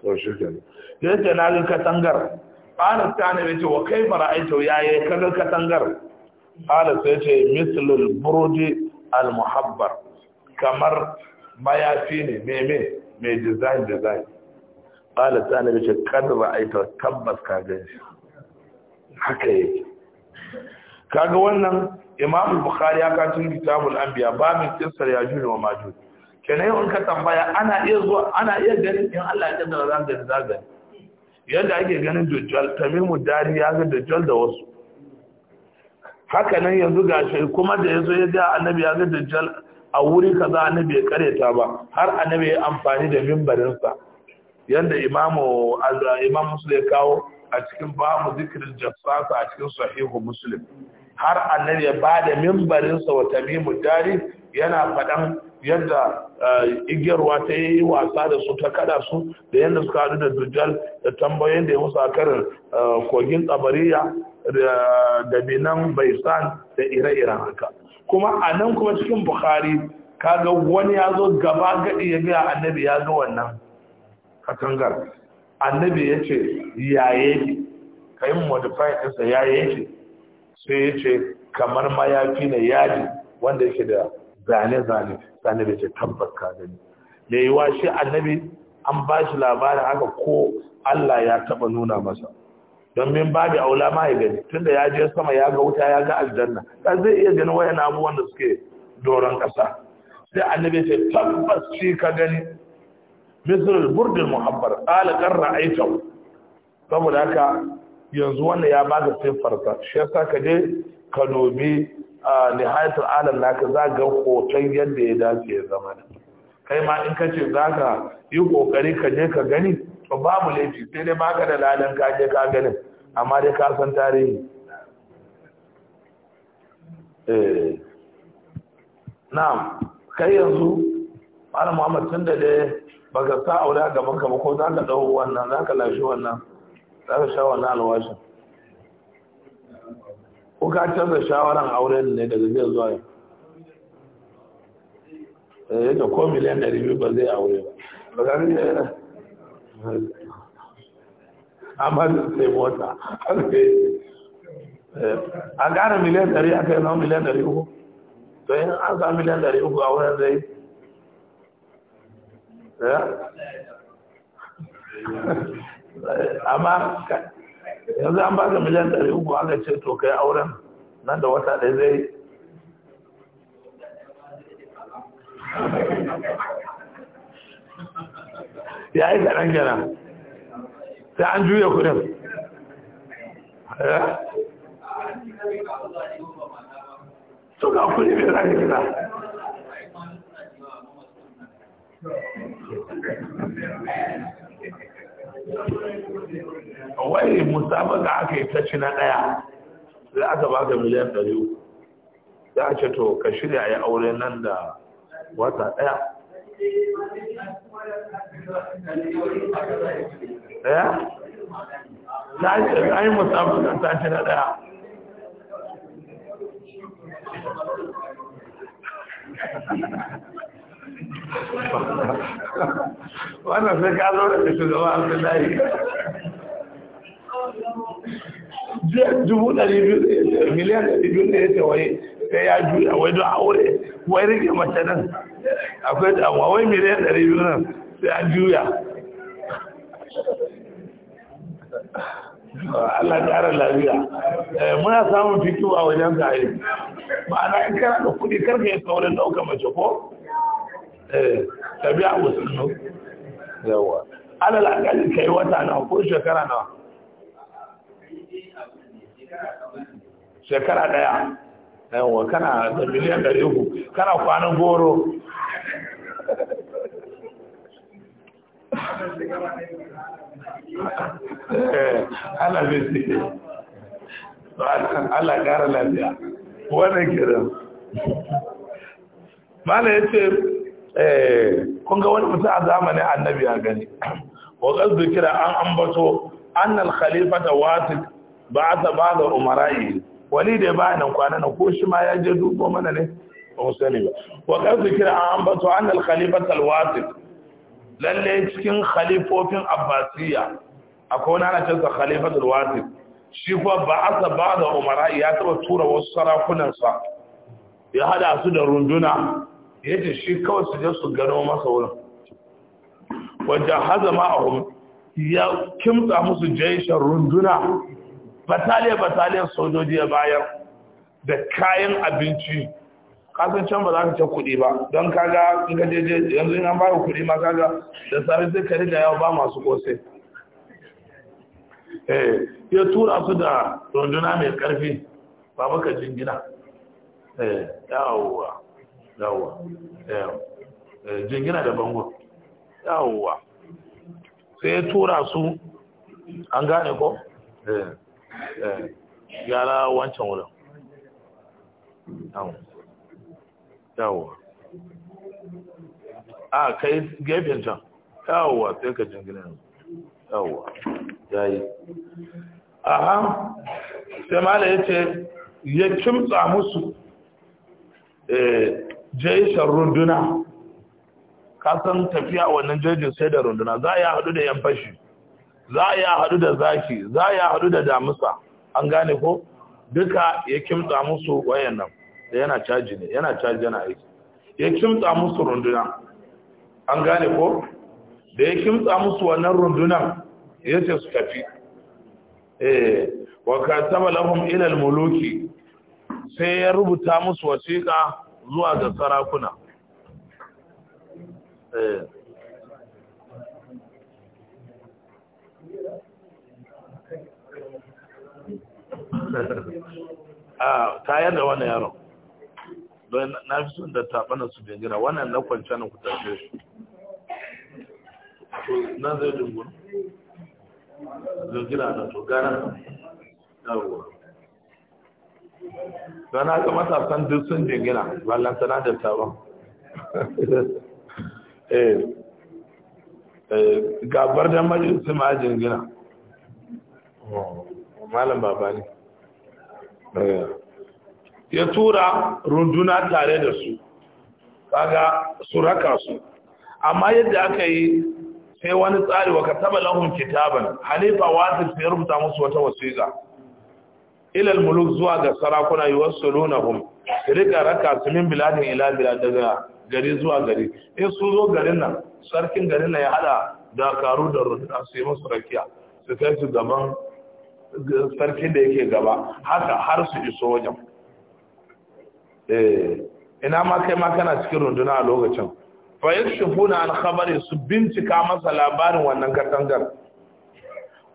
[SPEAKER 1] to shi kenan yace na ga katangar qala sani yace wa kai kaifa ya yi kaga katangar qala sai yace mislul burudi al muhabbar kamar mayafi ne meme mai design design qala sani yace kad ra'aytu tabbas ka ganshi haka yake kaga wannan imam bukhari ya kawo cikin kitabul anbiya babin kissar yajuj wa majuj kenan in ka tambaya ana iya zuwa ana iya ganin in Allah ya kaddara zan gani zan yadda ake ganin dajjal tamimu dari ya ga dajjal da wasu haka nan yanzu shi kuma da yazo ya ga annabi ya ga dajjal a wuri kaza annabi ya kareta ba har annabi ya amfani da mimbarin sa yanda imamu azza imam muslim ya kawo a cikin babu zikirin jassasa a cikin sahihu muslim har annabi ya bada mimbarin sa wa tamimu dari yana fadan yadda eh, igiyarwa ta yi wasa da su ta kada su da yadda suka haɗu da dujjal da tambayoyin da ya musu a karin eh, kogin tsabariya da binan baisan da ire-iren haka kuma a nan kuma cikin bukhari kaga wani ya zo gaba gadi ya gaya annabi ya ga wannan katangar annabi ya ce yaye ne ka yi modify ɗinsa yaye ne sai ya ce kamar mayafi na yaji wanda yake da zane-zane annabi ce tabbas ka gani da yiwa shi annabi an ba shi labarin haka ko Allah ya taba nuna masa don min babu aula ma ya gani tunda ya je sama ya ga wuta ya ga aljanna da zai iya ganin wayan abubuwan da suke doron kasa sai annabi ce tabbas shi ka gani misrul burdul muhabbar qala qarra saboda haka yanzu wannan ya baka siffar sa shi yasa ka je ka nomi nihayatul alam naka za ga hoton yadda ya dace ya zama da
[SPEAKER 2] kai ma in kace za ka
[SPEAKER 1] yi kokari ka je ka gani to babu laifi sai dai ka da ladan ka je ka ganin, amma dai ka san tarihi eh kai yanzu malam Muhammad tun da dai baka sa aure gaban ka ba ko za ka dau wannan za ka lashi wannan za ka sha wannan alwashin ko ka canza shawaran auren ne daga zai zuwa yi eh, yadda ko miliyan da ribi ba zai aure ba ba za ka yana amma sai mota yi eh, a gane miliyan dari aka yi zama miliyan dari uku to yin an sa miliyan dari uku a wurin zai eh? amma yanzu an baka miliyan ɗari uku an ce to kai auren nan da wata ɗaya zai
[SPEAKER 2] ya yi kaɗan gana
[SPEAKER 1] sai an juya kudin
[SPEAKER 2] suka eh? kudi mai zaka gina Thank you. wai ga aka yi
[SPEAKER 1] ta ci na ɗaya za a ba ka miliyan ɗari uku za a ce to ka shirya ya aure nan da wata ɗaya
[SPEAKER 2] ɗaya? ta yi musabaka ta ci na ɗaya
[SPEAKER 1] wannan sai ka zo da shugaba abdullahi dubu ɗari biyu miliyan ɗari biyu ne ya wai sai ya juya wai don aure wai rike mace akwai damuwa miliyan ɗari biyu nan sai ya juya Allah ƙara lafiya eh, muna samun fikiwa wajen ka yi ma'ana in kana da kuɗi karka yi saurin ɗaukar mace ko ka biya musulmi yawa alal akali ka yi wata na ko shekara nawa
[SPEAKER 2] shekara daya
[SPEAKER 1] yawa kana da miliyan ɗari uku kana kwanan goro
[SPEAKER 2] ana eh, bisi
[SPEAKER 1] Allah ƙara lafiya wannan kiran Mana ya ce Eh, kun ga wani mutum a zamanin annabi ya gani wa qad zikira an ambato annal khalifata wasit ba'atha ba'da umara'i wani da ba nan kwana ko shi ma ya je dubo mana ne ba mu sani ba wa qad zikira an ambato annal khalifata watik lalle cikin khalifofin abbasiya a wani ana cewa khalifata watik shi kuwa ba'atha ba'da umara'i ya taba tura wasu sarakunansa ya hada su da runduna ya shi kawai su je su gano masa wurin wajen haza ma'ahun ya kimta musu jaishen runduna bataliya-bataliyar sojoji ya bayar da kayan abinci kasan can ba za ka ce kuɗi ba don kaga in ka je yanzu an ba kuɗi ma kaga da tsarin zai kari da yawa ba masu kosai eh, ya tura su da runduna mai karfi ba baka jingina eh, yawwa yawwa eh, eh, jingina da bangon yawwa sai ya tura su an gane ko eh, yara wancan wurin yawwa a kai gefen can yawwa sai ka jingina yawwa yi aha sai mala ya ce ya kimtsa musu jaishar runduna kasan tafiya wannan jirgin sai da runduna za a yi haɗu da yan fashi za a yi haɗu da zaki za a yi haɗu da damusa an gane ko duka ya kimta musu wayan nan da yana caji ne yana caji yana aiki ya kimta musu runduna an gane ko da ya kimta musu wannan runduna ya ce su tafi eh wa kataba lahum ilal muluki sai ya rubuta musu wasiƙa zuwa ga sarakuna eh. a ah, tayar da wani yaron don na fi sun da taɓanar su bengira wannan na kwanci na kutashe shi Na zai dungun bengira na to gara ruwa sana ga matasan duk sun jingina ba sana da taron eh, eh, gabar da majalisi ma jingina malam baba ne eh, ya tura runduna tare da su kaga su raka su amma yadda aka yi sai wani tsari wa ka kitaban halifa wasu ya rubuta musu wata wasiƙa ilal muluk zuwa ga sarakuna yuwassilunahum rika raka su min biladin ila daga gari zuwa gari in sun zo garin nan sarkin garin nan ya hada karu da rundunar su yi musu rakiya su kai su gaban sarkin da yake gaba haka har su iso wajen eh, ina ma kai ma kana cikin runduna a lokacin fa yakshifuna an khabari su bincika masa labarin wannan katangar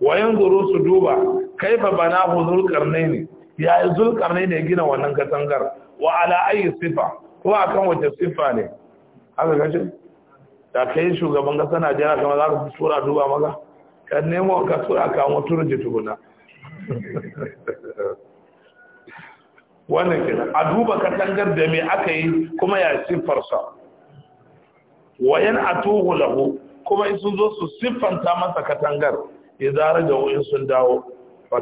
[SPEAKER 1] Wayan yanzuru su duba kaifa banahu ne ya zulqarnaini ya gina wannan katangar wa ala ayi sifa ko akan wace sifa ne haka kace da kai shugaban kasa Najeriya kamar za ka tura duba maka ka nemo ka tura ka mu turje tukuna wannan kenan a duba katangar da me aka yi kuma ya siffar sa wayan atuhu lahu kuma in sun zo su siffanta masa katangar idara da wa'in sun dawo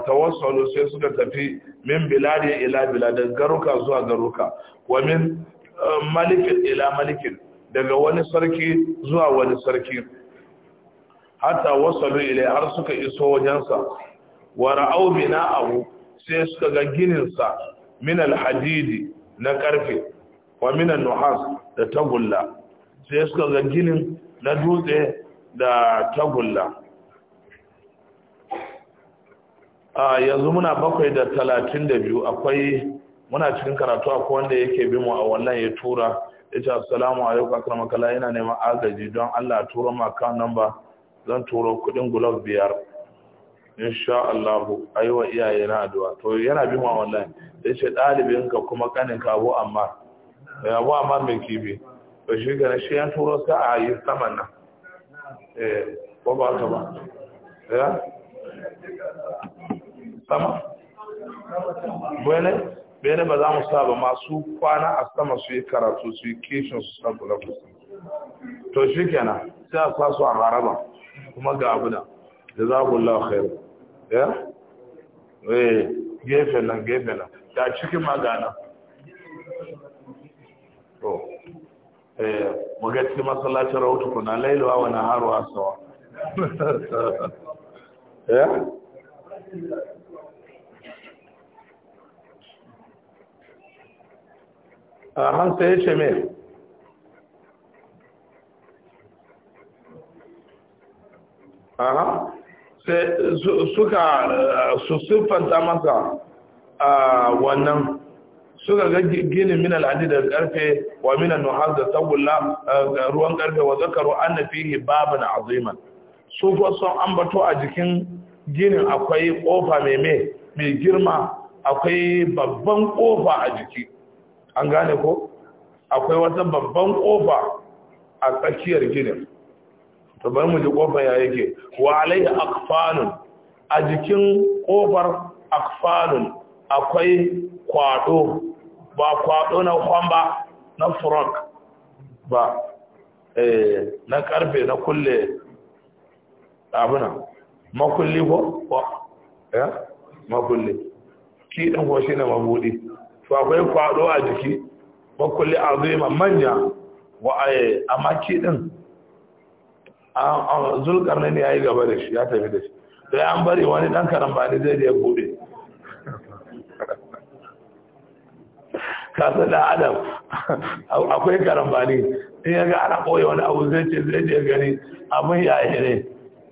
[SPEAKER 1] tawassalu sai suka tafi min biladi ila biladin garuka zuwa garuka wa min eh, malikin ila malikin daga wani sarki zuwa wani sarki hatta wasalu ila har suka iso wajensa wa ra'au bina'ahu sai suka ga ginin sa min alhadidi na karfe wa min nuhas da tagulla sai suka ga ginin na dutse da tagulla a yanzu muna bakwai da talatin da biyu akwai muna cikin karatu akwai wanda yake bi mu a wannan ya tura ya ce assalamu alaikum akramaka makala yana neman agaji don Allah tura ma account number zan turo kudin gulab biyar insha Allah ayi wa iyaye na addu'a to yana bi mu a wannan ya ce ɗalibin ka kuma kanin ka abu amma ya eh, abu amma mai kibi to shi ga shi ya turo sa a yi saman nan eh ko ba ka ba ya
[SPEAKER 2] sama bene bene ba za mu
[SPEAKER 1] saba masu kwana a sama su yi karatu su yi kishin su san kula kusa
[SPEAKER 2] to shi kenan
[SPEAKER 1] sai a sa su a haraba kuma ga abu da da za ku lawa khairu ya eh gefe nan gefe nan Da cikin magana to eh mu ga cikin masallacin rahoto kuna lailawa wa naharu asawa ya hamsa ya ce aha sai suka su siffanta masa wannan suka ga ginin min al'adi da karfe wa min an-nuhas da ruwan karfe wa zakaru anna fihi babun aziman su ko sun ambato a jikin ginin akwai ƙofa mai mai girma akwai babban ƙofa a jiki an gane ko akwai wata babban kofa a tsakiyar ginin to bari mu ji kofar ya yake wa alayhi akfanun a jikin kofar akfanun akwai kwado ba kwado na kwamba na frog ba na karfe eh, na kulle abuna makulli ko ya makulli ki dan ko shi mabudi to akwai faɗo a jiki makulli azima manya wa a maki din ne ya yi gaba da shi ya tafi da shi da ya bari wani dan karambani zai da ya bude kasa da adam akwai ne in ya ga ana ɓoye wani abu zai ce zai je gani abin yi ne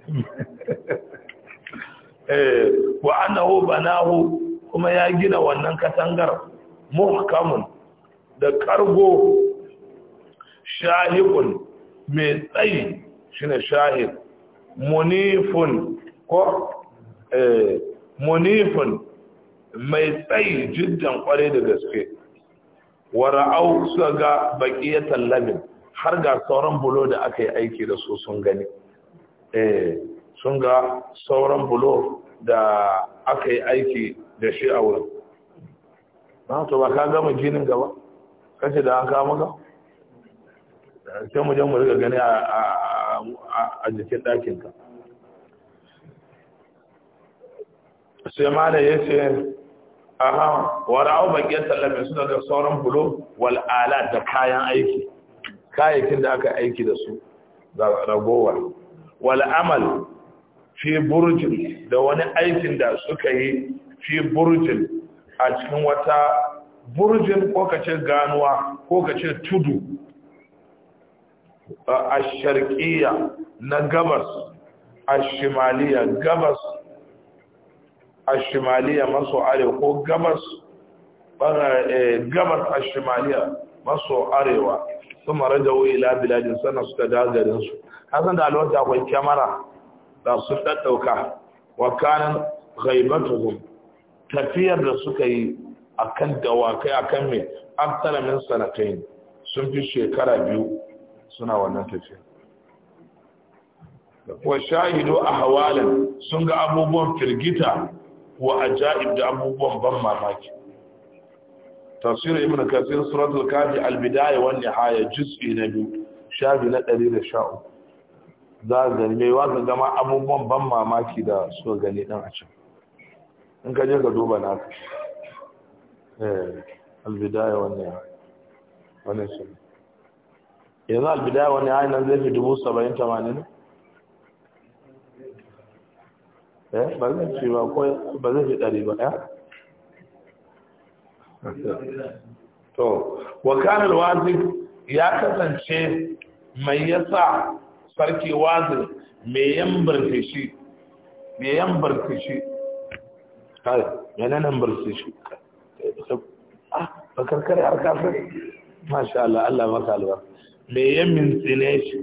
[SPEAKER 1] eh, wa annahu banahu kuma ya gina wannan katangar muhkamun da kargo shahikun mai tsayi shine shahib munifun ko eh, munifun mai tsayi jiddan kware da gaske au suka ga baƙiyatan lamin har ga sauran bulo da aka yi aiki da su sun gani eh, sun ga sauran bulo da aka yi aiki da shi a wurin na to ba ka gama jinin gaba kace da an kawo maka sai mu je mu riga gani a jikin ɗakinka sai mala yace aha wa ra'u baqiyat sallama suna da sauran bulo wal ala da kayan aiki kayayyakin da aka aiki da su da ragowa wal amal fi burjin da wani aikin da suka yi fi burjin a cikin wata burjin ko kace ganuwa ko kace tudu a sharqiya na gabas a shimaliya gabas a shimaliya maso arewa ko gabas eh, gabas a shimaliya maso arewa sun mara da wuyi labiladin sannan suka dagarinsu hasan da alwata akwai kyamara da sun ɗaɗɗauka wakanin ghaibatuhum tafiyar da suka yi a kan dawakai akan mai aftara min sanatain sun fi shekara biyu suna wannan tafiyar wa a hawalin sun ga abubuwan firgita wa ja'ib da abubuwan ban mamaki tafsir ibn kasir suratul kafi albidaya wani haya nihaya na biyu shafi na ɗari da sha'u za a ga mai wa zama abubuwan ban mamaki da suka gani ɗan a can in ka je ka duba na ka eh, albidaya wani ya wani su yanzu albidaya wani ya nan zai fi dubu saba'in tamanin eh ba zai fi ba ko ba zai fi ɗari ba ya eh? to wakanar wazin ya kasance mai yasa sarki wazin mai yan shi. mai yan barkashi kai yana number sai shi ah bakar kare har kafin masha Allah Allah maka alwa me ya tsine shi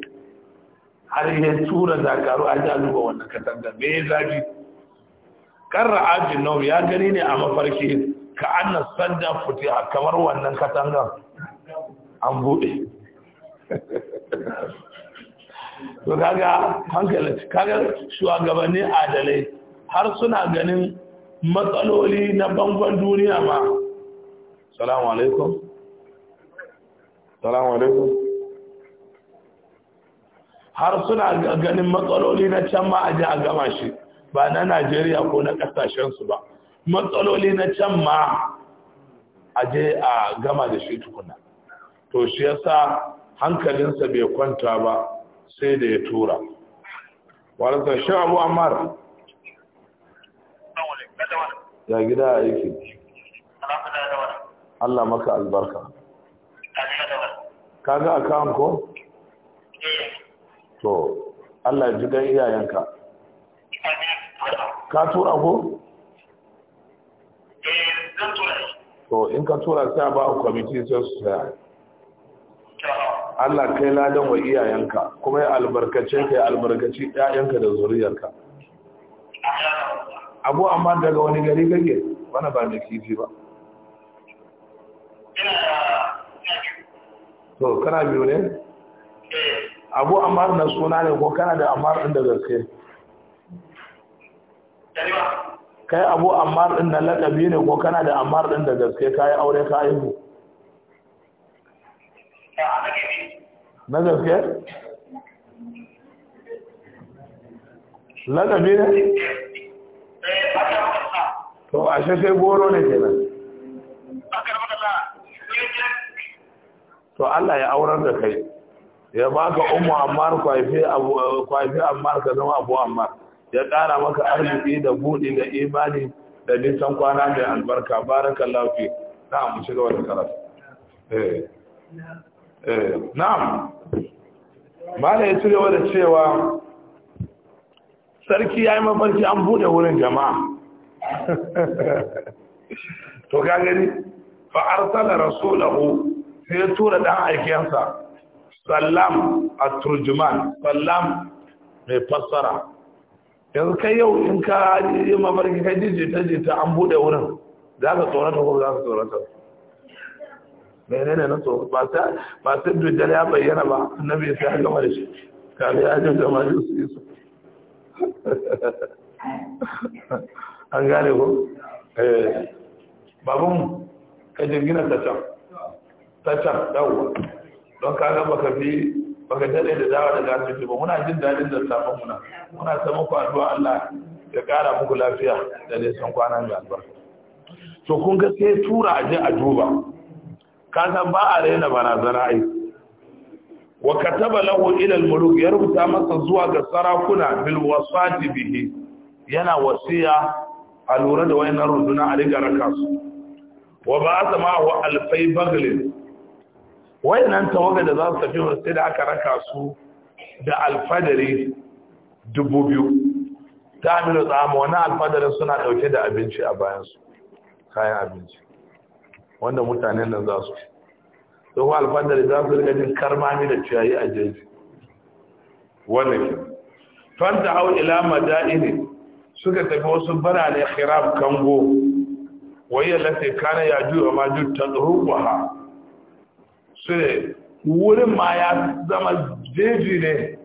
[SPEAKER 1] har ya tura zakaru a jalu ba wannan katanga me ya zafi karra ajin nau ya gani ne a mafarki ka anna sanda futi a kamar wannan katangan an buɗe to kaga hankali kaga shugabanni adalai har suna ganin matsaloli na bangon duniya ba salamu alaikum salamu alaikum har suna ganin matsaloli na can ma a ji a gama shi ba na najeriya ko na kasashensu ba matsaloli na can ma aje a gama da shi tukuna to shi yasa hankalinsa bai kwanta ba sai da ya tura wadda shi abu amara ya gida a aiki Allah maka albarka kaga a kawon ko? Eh. to Allah ji gan iyayenka ka tura ko? Eh, to in ka tura sai ba a kwamiti sai su saya Allah kai ladan wa iyayenka kuma ya albarkace ka ya albarkaci 'ya'yanka da zuriyarka abu amma daga wani gari kake wani ba da kifi ba to kana biyu ne eh. abu amma na suna ne ko kana da amma ɗin da gaske kai abu amma ɗin na laƙabi ne ko kana da amma ɗin da gaske ka yi aure ka aihu na gaske laƙabi ne eh. to ashe sai goro ne kenan to Allah ya aurar da kai ya baka ummu ammar kwaifi abu kwaifi ammar ka zama abu ammar ya ƙara maka arziki da buɗi da imani da nisan kwana mai albarka barakallahu fi na'am mu shiga wannan karatu eh eh na'am malai ya cire gaba da cewa sarki ya yi mafarki an buɗe wurin jama'a to ga gani fa arsala rasulahu sai ya tura dan aikinsa, sallam a turjuman sallam mai fassara yanzu kai yau in ka yi mafarki kai jijita jita an buɗe wurin za ka tsorata ko za ka tsorata menene na tsoro ba ta ba ta dujjal ya bayyana ba annabi sai ya gama da shi kafin ya ji jama'a su yi su an gane ko eh, babun ka jirgina ta can dawo don ga baka fi baka daɗe da dawa da ce ba muna jin daɗin da samun muna muna samun ku Allah ya kara muku lafiya da nisan kwanan ga albarka to kun ga sai tura aje a duba ka san ba a rena barazana aiki wa kataba lahu ila al-muluk ya rubuta masa zuwa ga sarakuna bil wasati bihi yana wasiya a da wayannan runduna a riga wa ba'atha ma'ahu alfai bagl wayannan tawaga da za su tafi sai da aka raka su da alfadari dubu biyu ta amiru tsamo wani alfadarin suna dauke da abinci a bayansu kayan abinci wanda mutanen nan za su ci don alfadar za su rika jin karmami da ciyayi a jeji wannan ke fanta hau ila da'ini suka tafi wasu birane khirab kango wayar lafi kana ya juwa ma ta rubuwa su ne wurin ma ya zama jeji ne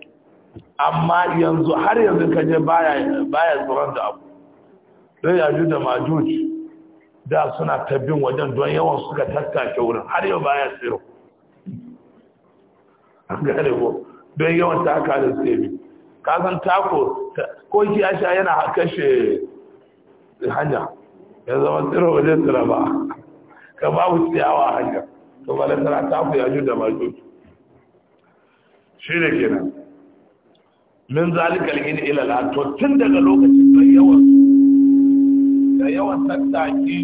[SPEAKER 1] amma yanzu har yanzu kaje baya baya tsoron da abu don ya ju da majuji da suna tabbin wajen don yawan suka tattake wurin har yau baya tsiro an gane ko don yawan taka da tsebi kasan tako ko shi ya sha yana kashe hanya ya zama tsiro wajen tsira ba ka babu tsiyawa hanya to ba lantara tako ya ju da majoki shi ne kenan min zalikal in ilala to tun daga lokacin don yawan yawan tattaki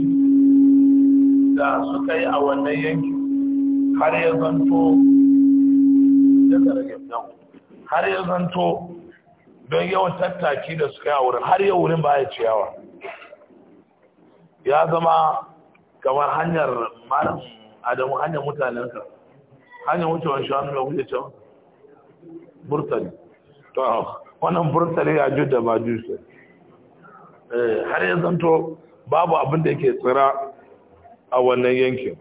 [SPEAKER 1] da suka yi a wannan yanki har ya zanto har ya zanto don yawan tattaki da suka yi a wurin har yau wurin ba ya ciyawa ya zama kamar hanyar malam adamu hanyar mutanenka hanyar wucewar shanu mai wuce can burtali to wannan burtali ya da ba sai Eh, har ya zanto babu abin da yake tsira a wannan yankin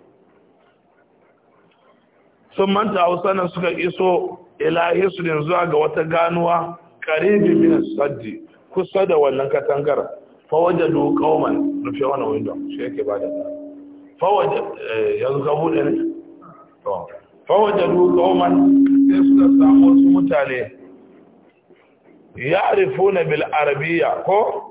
[SPEAKER 1] sun manta hausanan suka iso ilahi su zuwa ga wata ganuwa karibi min saddi kusa da wannan katangar fawaje da kauman rufe wani window shi yake ba da fawaje eh, yanzu ka bude ne to fawaje do sai suka samu wasu mutane ya arifuna bil arabiya ko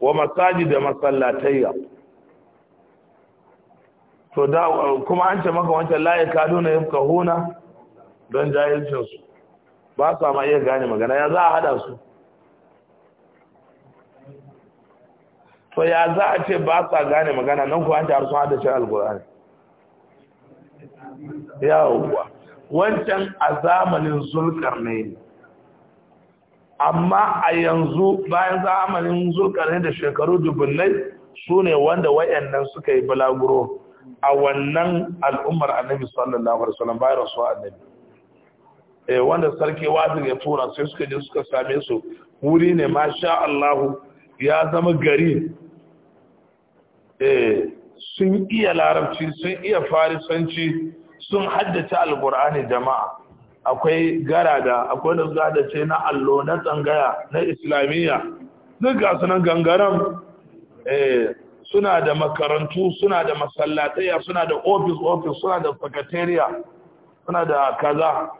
[SPEAKER 1] wa masaji da masallatayya to da kuma an ce maka wancan laye ka na yin huna don jahilcinsu ba su ma iya gane magana ya za a hada su to ya za a ce ba su gane magana nan kuwa an ce har hada shi alkur'ani yawwa wancan a zamanin zulkar ne amma a yanzu bayan zamanin zulkarni da shekaru dubunai su ne wanda wayannan suka yi balaguro a wannan al'ummar annabi sallallahu alaihi wasallam bayan rasu annabi eh wanda sarki wazir ya tura sai suka je suka same su wuri ne masha Allah ya zama gari eh sun iya larabci sun iya farisanci sun haddace alqur'ani jama'a akwai garada akwai da za da ce na allo na tsangaya na islamiyya duk ga sunan gangaren eh, suna da makarantu suna da masallataya suna da ofis-ofis, suna da sakatariya suna da kaza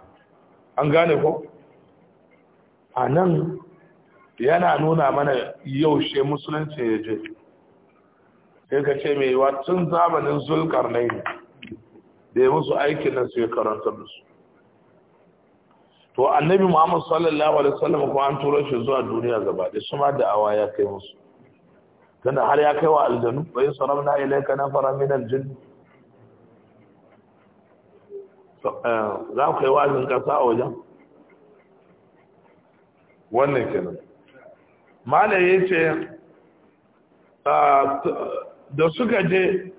[SPEAKER 1] an gane ko a nan yana nuna mana yaushe musulunci ya je sai ka ce mai tun zamanin zulkar ne da ya musu aikin nan su karantar da su to annabi muhammad sallallahu alaihi wasallam ko an turo shi zuwa duniya gaba da su ma da'awa ya kai musu kana har ya kai wa aljanu bai sarabna ilayka nafara min aljin eh, za ku kai wazin kasa a wajen wannan kenan malai ya ce ah, da suka je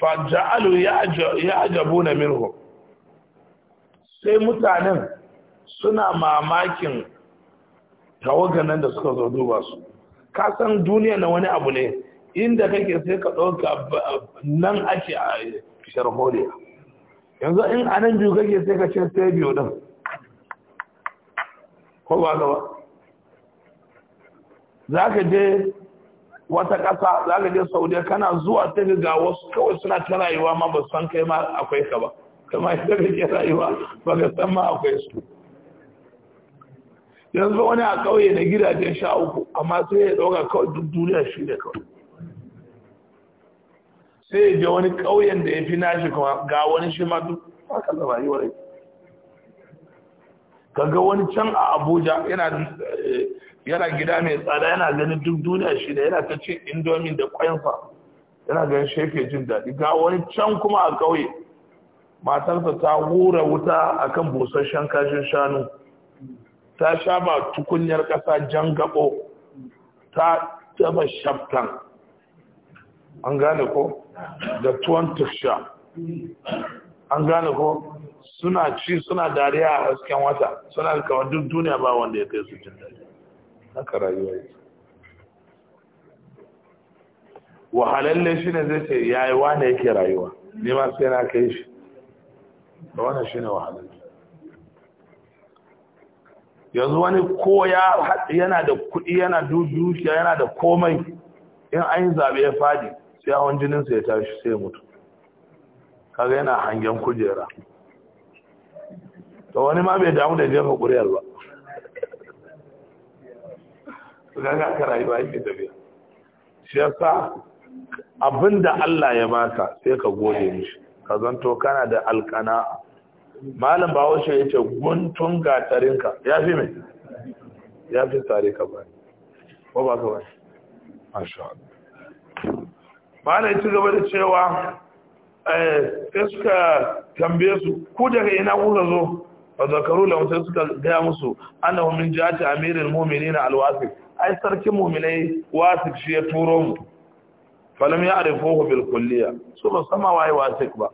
[SPEAKER 1] faja'alu ya ajabuna minhu sai mutanen suna mamakin nan da suka zo duba su ka san duniya na wani abu ne inda kake sai ka ɗauka nan ake a sharholiya yanzu in a nan biyu kake sai ka ce sai biyu ɗin ko ba ba? za ka je wata ƙasa za ka je saudiya kana zuwa ta ga wasu kawai suna ta rayuwa ma ba san kai ma akwai ka ba kama ita kake rayuwa ba ka san ma akwai su yanzu wani a kauye na gidajen sha uku amma sai ya ɗauka kawai duk duniya shi ne kawai sai ya je wani kauyen da ya fi nashi kuma ga wani shi ma duk haka da rayuwar Ka ga wani can a abuja eh, yana gida mai tsada yana ganin duk duniya shi da yana ta cin indomin da kwayansa yana ganin shefe jin daɗi ga wani can kuma a ƙauye matarsa ta hura wuta akan busasshen kashin shanu ta ba tukunyar ƙasa jan gabo ta taba shaftan an gane ko da tuwon tufsha an gane ko suna ci suna dariya a hasken wata suna kawo duk duniya ba wanda ya kai su jin daɗi na rayuwa yi wahalalle shi ne zai ce yayi wane yake rayuwa ne ma sai na kai shi da wane shi ne wahalalle yanzu wani ko yana da kuɗi yana dukiya yana da komai in an yi zaɓe ya fadi sai hawan jininsa ya tashi sai ya mutu kaga yana hangen kujera to wani ma bai damu da jefa ƙuriyar ba kaga ka rayuwa yake tafiya shi yasa abinda Allah ya baka sai ka gode mishi ka zanto kana da alƙana'a malam ba wasu ya ce guntun gatarinka ya fi mai ya fi tare ka ba ko ba ka ba masha malam ya ci gaba da cewa eh, sai suka tambaye su ku daga ina kuka zo ba zakaru da sai suka gaya musu ana min jihati amirin mumini na alwasif ai sarkin muminai wasif shi ya turo mu falam ya arifohu bil kulliya su ba sama waye wasif ba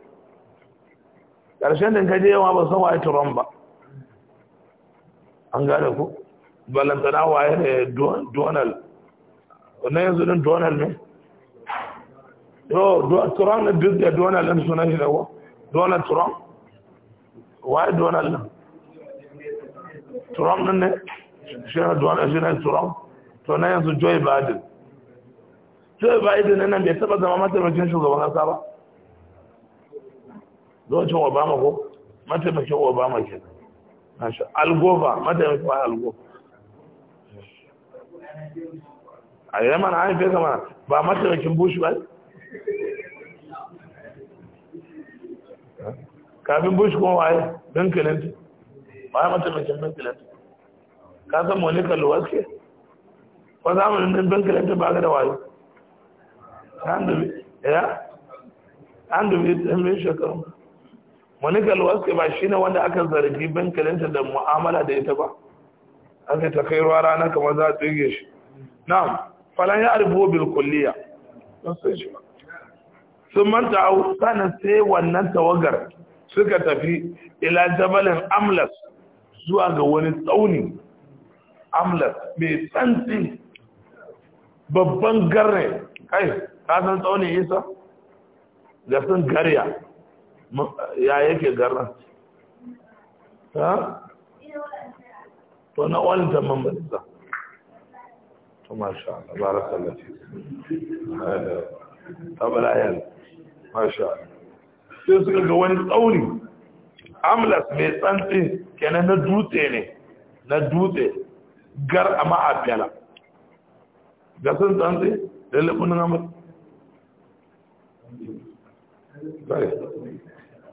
[SPEAKER 1] ƙarshen da ka je yawa ba san waye turon ba an gane ku balantana waye ne donal na yanzu din donal ne yau turon na duk da donal ɗin suna shi da kuwa Donal turon waye donal ɗin turon ɗin ne shi na donal shi na turon to na yanzu joe biden joe biden nan bai taɓa zama mataimakin shugaban ƙasa ba lokacin obama ko mataimakin obama ke nashi algova mataimakin wa algova a yi a an fi kama ba mataimakin bush ba kafin bush kuma waye don ba ya mataimakin don kilinti ka san monica lewinsky ba zamanin don don kilinti ba ga da waye an dubi ya an dubi ɗan mai shekaru wani galwaske ba shi ne wanda aka zargi bankalinta da mu'amala da ita ba aka ta kai ruwa rana kamar za a tsige shi na'am falan ya arbo bil kulliya sun manta au sanin sai wannan tawagar suka tafi ila jabalin amlas zuwa ga wani tsauni amlas mai tsantsi babban garne kai kasan tsaunin isa ga sun garya ya yake garra ta? to na walta mamalisa to masha Allah lati ta balayan masha Allah sai suka ga wani tsauri amlas mai tsantsi kenan na dutse ne na dutse gar a ma'afiyala ga sun tsantsi da labunin amur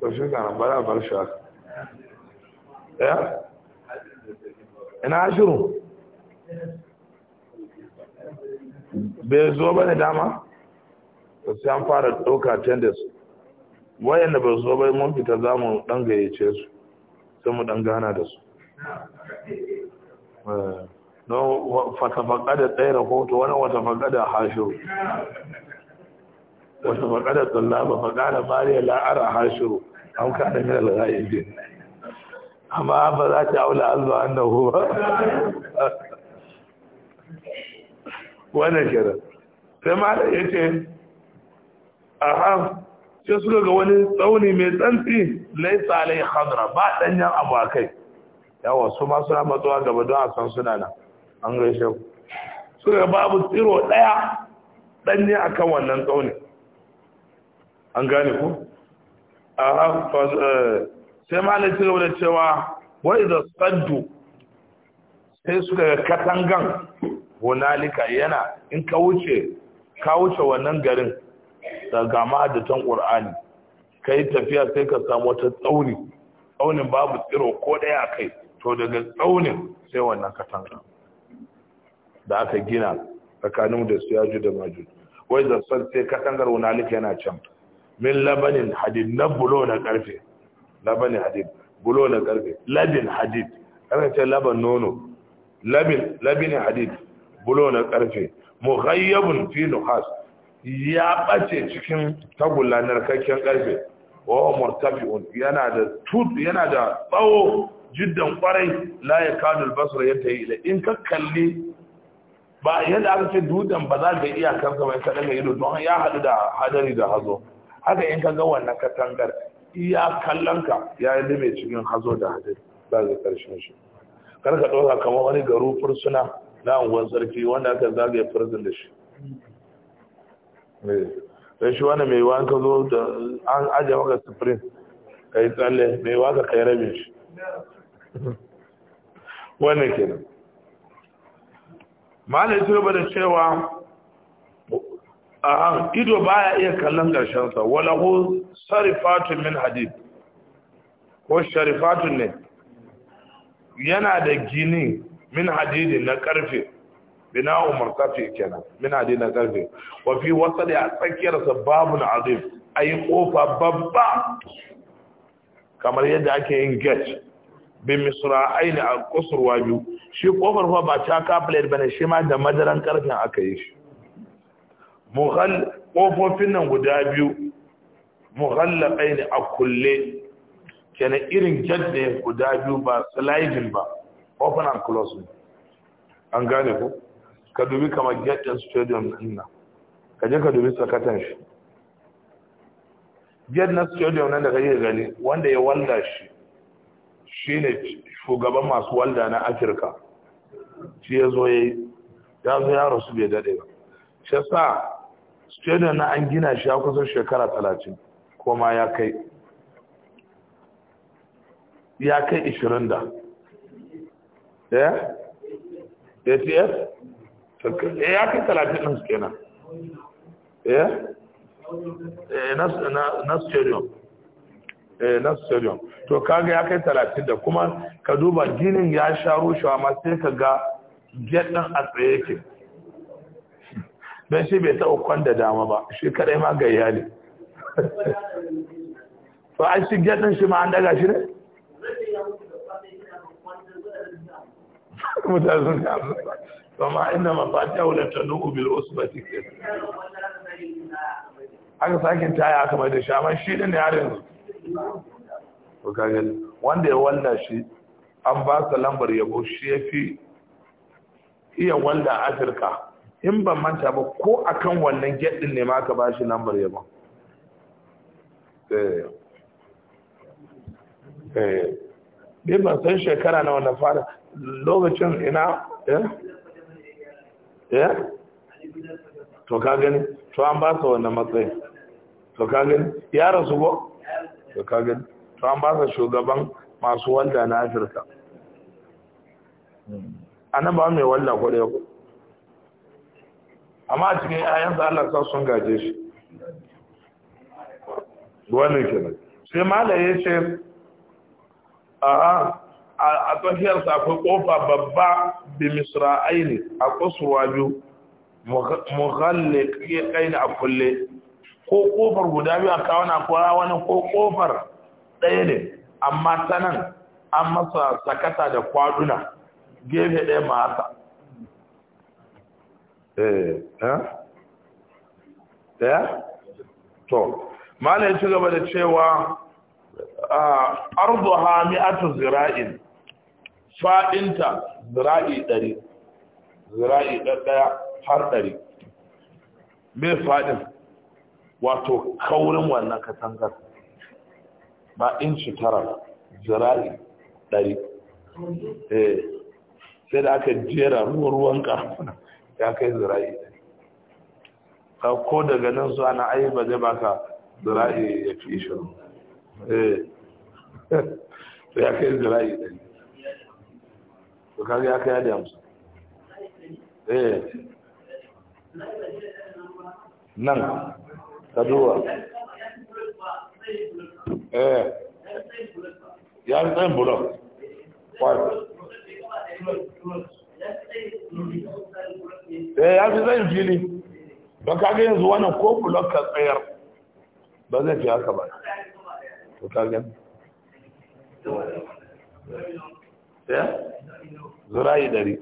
[SPEAKER 1] ƙarshen garan ba za a bar shi haka ɗaya ina ashiru bai zo ba ne dama da sai an fara ɗauka tendes wayan da ba zo bai mun fita za mu ɗan gayyace su sai mu ɗan gana da su eh, don fatafaka da ɗaya rahoto wani watafaka da hashiru watafaka da tsallaba faƙa da mariya la'ara hashiru an kada min al-ghaibin amma ba za ta aula azza annahu ba wannan shirin sai malam yace aha sai suka ga wani tsauni mai tsantsi laisa alai khadra ba danyen abu a kai yawa su ma suna matsuwa gaba don a san suna nan an gaishe ku suka babu tsiro daya danye akan wannan tsauni an gane ku Eh, sai malai ci da cewa wai da saddu sai suka ga katangan hunalika yana in ka wuce ka wuce wannan garin daga mahadatan ƙur'ani ka yi tafiya sai ka samu wata tsauni tsaunin babu tsiro ko ɗaya kai to daga tsaunin sai wannan katangan da aka gina tsakanin da su yaju da maju wai da son sai katangar hunalika yana can من لبن حديد نبلونا كرفي لبن حديد بلونا كرفي لبن حديد أنا أنت لبن نونو لبن لبن حديد بلونا كرفي مغيب في نحاس يا بتي شكل تقول لنا ركاك يا كرفي وهو مرتفع ينادى ده توت ينا ده أو جدا قري لا يكاد البصر ينتهي إلى إنك كلي ba yadda aka ce dutsen ba za ta iya karsa mai sadaka ido don haka in ka ga wannan katangar iya kallon ka ya yi mai cikin hazo da hadin ba zai karshen shi kar ka ɗauka kamar wani garu fursuna na unguwar sarki wanda aka zagaye furzin da shi sai eh, shi wani mai wanka ka zo da an aje maka spring ka yi tsalle mai waka ka yi rabin shi wannan kenan malai ci gaba da cewa a ido baya iya kallon ƙarshensa walahu sarifatun min hadith ko sharifatun ne yana da gini min hadidi na ƙarfe bina umar kafi kenan min hadidi na ƙarfe wafi fi wasali a tsakiyarsa babu na azif a yi ƙofa babba kamar yadda ake yin gate bin misra aini a kusurwa biyu shi ƙofar fa ba ta kafilet bane shi ma da madaran karfen aka yi shi mughal kofofin nan guda biyu mughallaqai ne a kulle kenan irin jadda guda biyu ba sliding ba open and close ne an gane ku. ka dubi kamar jaddan stadium din nan ka je ka dubi sakatan shi jaddan stadium nan da kake gani wanda ya walda shi shine shugaban masu walda na Afirka shi ya zo ya yi ya zo yaro su bai daɗe ba shi sa stadium na an gina shi ya kusan shekara talatin ko ma ya kai ya kai ishirin da ya?
[SPEAKER 2] Eh?
[SPEAKER 1] atf? Eh, ya kai talatin ɗin su kenan ya? Eh? na stadium na stadium to kaga ya kai talatin da kuma ka duba ginin ya sha rushewa ma sai ka ga gyaɗin a tsaye yake don shi bai taɓa kwanda dama ba shi kadai ma ga iyali ba an shi gyaɗin shi ma an daga shi ne
[SPEAKER 2] mutane sun kama
[SPEAKER 1] ba ma inda mafatiya wulata nuku bil usbati ke aka sakin taya aka mai da shi amma shi ɗin yarin su wanda ya wanda shi an ba sa lambar yabo shi ya fi iya wanda afirka in ban manta ba ko akan wannan get din ne ma ka bashi lambar yabon eh eh ban san shekara na wannan fara lokacin ina eh eh to ka gani to an ba sa wannan matsayi to ka gani ya rasu ko to ka gani to an ba sa shugaban masu wanda na Afirka hmm. anan ba mai walda ko da yau amma a cikin da Allah sa sun gaje shi wannan kenan sai malai ya ce a a sa akwai kofa babba bi misra'aini a kusurwa biyu kai a kulle ko kofar guda biyu a kawana akwai kowa wani ko kofar ɗaya ne amma ta an masa sakata da kwaduna gefe ɗaya ma ɗaya? Eh, ɗaya? Eh? Eh? to malai ci gaba da cewa arduha mi'atu zira'in fa'inta zira'i ɗari, zira'i ɗaya har ɗari, mai fa'in wato kaurin wannan katangar ba inci tara zira'i ɗari. sai da aka jera ruwan ƙarfuna ya kai zira'i ka ko daga nan su ana ai ba zai baka zira'i ya fi ne.
[SPEAKER 2] eh ya kai zira'i
[SPEAKER 1] ɗari to kaga ya kai da hamsin eh nan kaduwa
[SPEAKER 2] eh ya fi tsayin bulon eh ya fi zai
[SPEAKER 1] fili don kaga yanzu wannan ko bulon ka tsayar ba zai fi haka ba to kaga ya eh? zurayi dari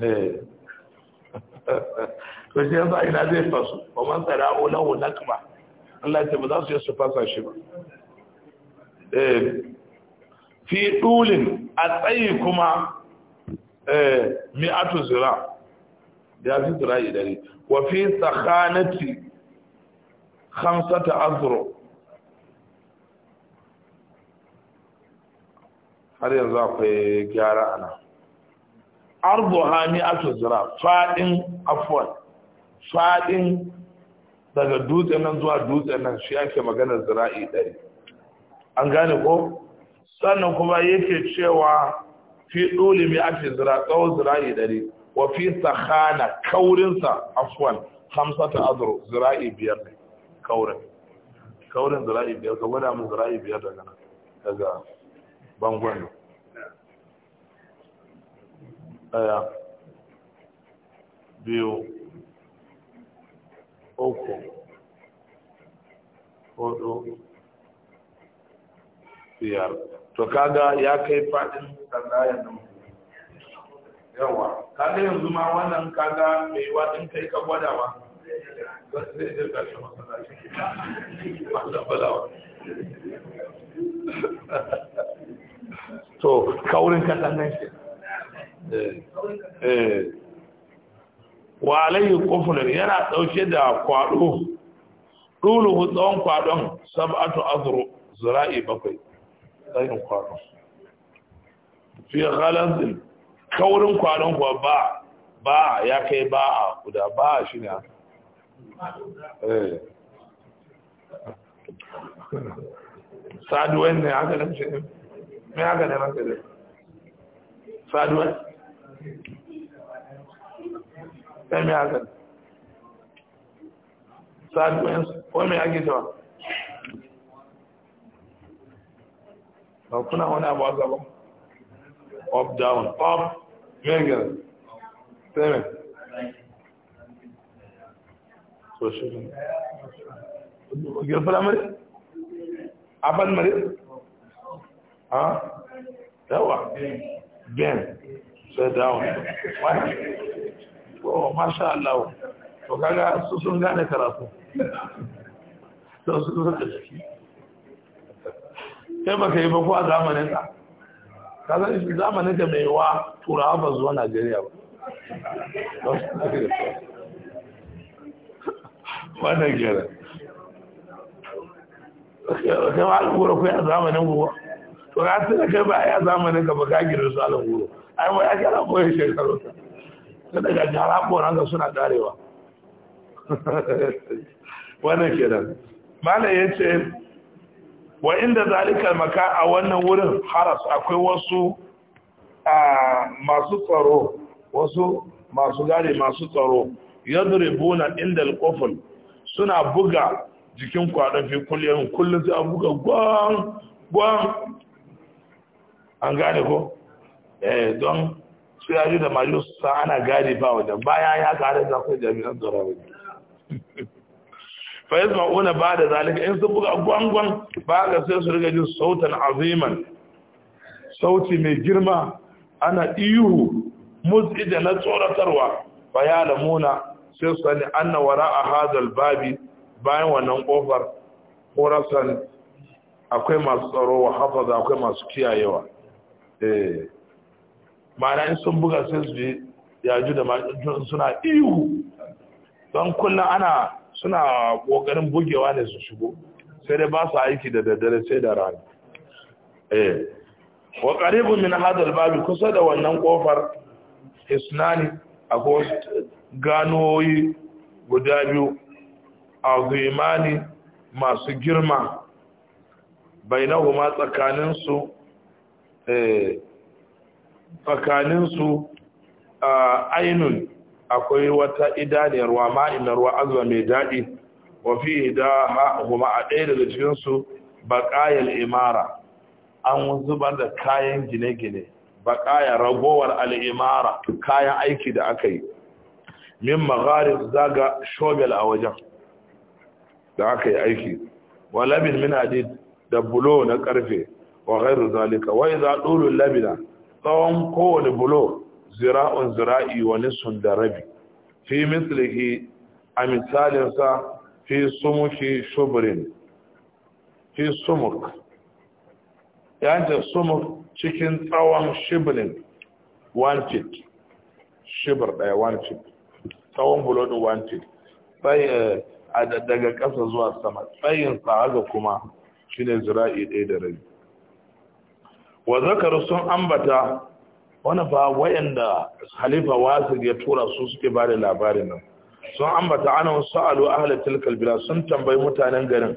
[SPEAKER 1] eh to shi yasa ina zai fasu ba man tsara ulahu nakma Allah ce ba za su yi su fasa shi ba eh fi dulin a tsayi kuma Eh, mi'atu zira ya fi zira idari wa fi tsakhanati khamsata azro har yanzu akwai gyara ana arzu hami atu zira fadin afwan fadin daga dutsen nan zuwa dutsen nan shi ake magana yi dari. an gane ko sannan kuma yake cewa fi dole mai ake zira tsawon zira'i ɗari wa fi sahana kaurinsa afwan hamsa ta azuru zira'i biyar ne kaurin kaurin zira'i biyar ka gwada mu zira'i biyar daga nan daga bangon nan ɗaya biyu uku hudu biyar to kaga ya kai fadin sanda nan yawa kaga yanzu ma wannan kaga mai yiwa din kai ka gwada ba zai je shi. masallaci Allah balawa to kaurin kaɗan nan shi eh. eh. wa alayhi quflun yana ɗauke da kwaɗo dulu tsawon kwaɗon sab'atu azru zura'i bakwai sai kaurin kwanon kuwa ba ba ya kai ba a guda ba shi ne eh. ne nan ce mai ne ko mai ba kuna wani abu a zaɓa up down up yangar tsaye so shi ne girfila mare aban mare ha yawa ben sai down wani oh masha Allah to kaga su sun gane karatu to su sun gane sai ba ka yi ba ko a zamanin ka ka zamanin ka mai wa turawa ba zuwa najeriya ba wannan kera kai ma al'ura ku a zamanin guwa to ka tsira kai ba a zamanin ka ba ka girin su alin guro ai ma ya kira koyar shekaru ta ta daga jara koran ka suna karewa wannan kenan malam ya ce wa inda zalikar maka a wannan wurin haras akwai wasu masu tsaro wasu masu gari masu tsaro buna, inda alqufl suna buga jikin kwadon fi kullun kullum sai an buga gwan gwan an gane ko eh don su yaji da majus sa ana gadi ba wajen bayan ya kare da akwai jami'an tsaro fa yasma'una ba'da zalika in sun buga gwangwan ba ga sai su riga jin sautan aziman sauti mai girma ana ihu mutsi da na tsoratarwa fa ya lamuna sai su sani anna a hadal babi bayan wannan kofar horasan akwai masu tsaro wa hafaza akwai masu kiyayewa eh ma'ana in sun buga sai su yaju da suna ihu don kullum ana suna kokarin bugewa ne su shigo sai dai ba su aiki da daddare sai da rana eh wa qaribun min hadal babu kusa da wannan kofar isnani a ganoyi guda biyu a azimani masu girma bainahuma tsakaninsu eh tsakaninsu ainun akwai wata idaniyar ruwa ma'inar ruwa mai daɗi wa fi da ha'ahuma a ɗaya daga cikinsu baƙayar imara an zubar da kayan gine-gine baƙaya ragowar al'imara kayan aiki da aka yi min magharin zaga shobel a wajen da aka yi aiki wa labin min hadid da bulo na ƙarfe wa ghairu zalika wai za labina tsawon kowane bulo zira'un zira'i wa nisun da rabi fi mislihi a misalinsa fi sumuki shubrin fi sumuk ya sumuk cikin tsawon shibirin one feet shibir ɗaya one tsawon bulodu one feet sai eh, daga ƙasa zuwa sama tsayin haka kuma shine zira'i ɗaya da rabi wa zakar sun ambata wani ba da halifa wasir ya tura su suke ba da labarin nan sun ambata ana wasu sa'alu a tilkal bila sun tambayi mutanen garin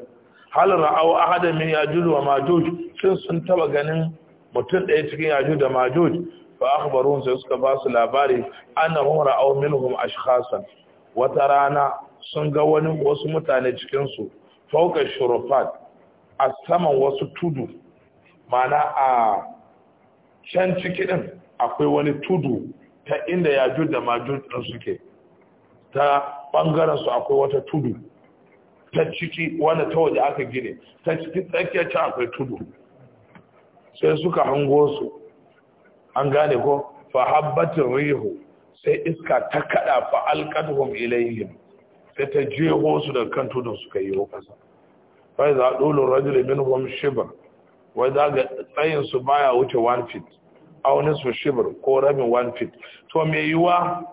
[SPEAKER 1] hal a hada mai yajudu wa majuj shin sun taba ganin mutum ɗaya cikin yajudu da majuj a akhbarun sai suka ba su labari annahum ra'aw minhum ashkhasan wata rana sun ga wani wasu mutane cikinsu, fauka fawqa a saman wasu tudu mana a can ciki din akwai wani tudu ta inda ju da majuj suke ta bangaren su akwai wata tudu ta ciki wanda ta waje aka gine ta ciki tsakiyar can akwai tudu sai suka hango su an gane ko fa habbatin rihu sai iska ta kada fa alqadhum ilayhim sai ta jeho su da kan tudun suka yi kasa fa za a rajul minhum shibr wai za ga tsayin su baya wuce 1 feet aunin su shibir ko rabin one feet to me yiwa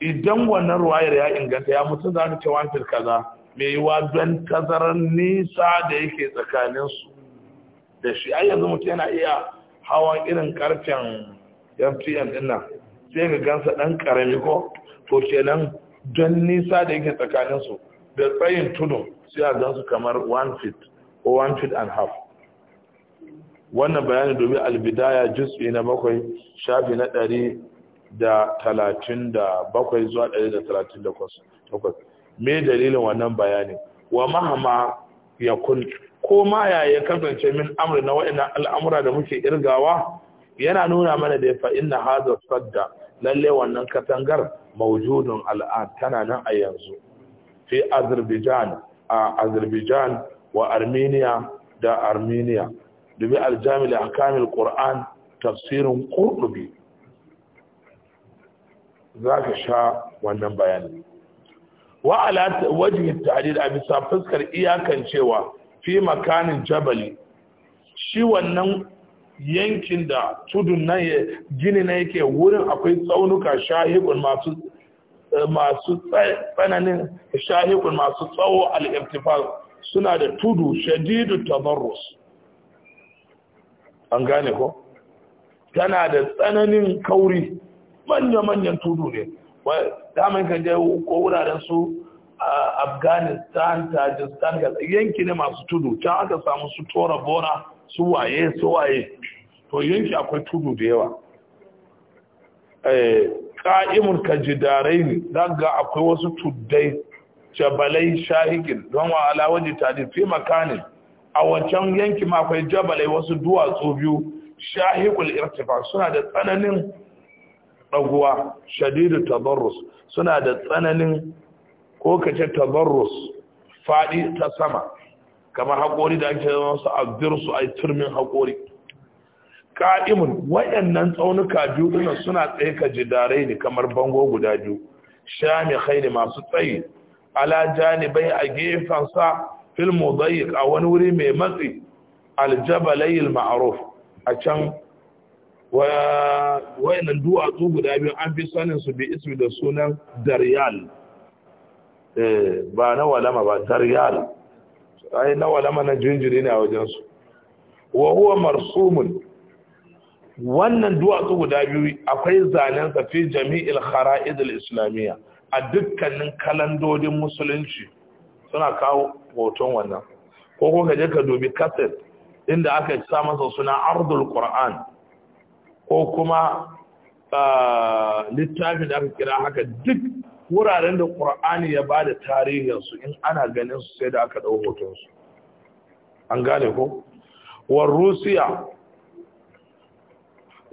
[SPEAKER 1] idan wannan ruwayar ya inganta ya mutu za ka ce one feet kaza me yiwa don tazarar nisa da yake tsakanin su da shi ai yanzu mutum yana iya hawan irin karfen MTN din nan sai ga gansa dan karami ko to kenan don nisa da yake tsakanin su da tsayin tudu sai a gansu kamar one feet ko one feet and half wannan bayani domin albidaya juz'i na bakwai shafi na ɗari da talatin da bakwai zuwa ɗari da talatin da takwas me dalilin wannan bayani wa mahama ya kun ko ma ya ya kasance min amri na wa'ina al'amura da muke irgawa yana nuna mana da fa inna hadha sadda lalle wannan katangar mawjudun al'an tana nan a yanzu fi azerbaijan a azerbaijan wa armenia da armenia dubi aljami da akamil tafsirin ƙurɗubi za ka sha wannan bayani wa ala wajihin a bisa fuskar iyakan cewa fi makanin jabali shi wannan yankin da tudun nan gini na yake wurin akwai tsaunuka shahibun masu masu tsananin shahibun masu tsawo al suna da tudu shadidu tabarrus an gane ko tana da tsananin kauri manya-manyan tudu ne daman kan je ko wuraren su afghanistan tajistan yanki ne masu tudu can aka samu su tora bora su waye su waye to yanki akwai tudu da yawa eh, ka'imun kajidarai ne daga akwai wasu tuddai jabalai shahikin don wa alawaji tadi makanin a wancan yanki ma akwai jabalai wasu duwatsu biyu shahiqul irtifa suna da tsananin ɗaguwa, shadidu tadarrus suna da tsananin ko kace tadarrus fadi ta sama kamar haƙori da ake wasu su a turmin Hakori. ka'imun wayannan tsaunuka biyu ɗin suna tsaye ka jidarai ne kamar bango guda biyu shami khairi masu tsayi ala janibai a gefensa fil mudayyiq a wani wuri mai matsi aljabalai ma'aruf a can wayannan duwatsu guda biyu an fi sanin su bi ismi da sunan daryal eh, ba na walama ba daryal ai na walama na jinjiri ne a wajensu wa huwa marsumun wannan duwatsu guda biyu akwai zanen fi jami'il khara'id al-islamiyya a dukkanin kalandodin musulunci suna kawo hoton wannan ko ko ka je ka dubi kaset inda aka sa masa suna ardul qur'an ko kuma littafin da aka kira haka duk wuraren da qur'ani ya bada tarihinsu in ana ganin su sai da aka dau hoton su an gane ko war rusiya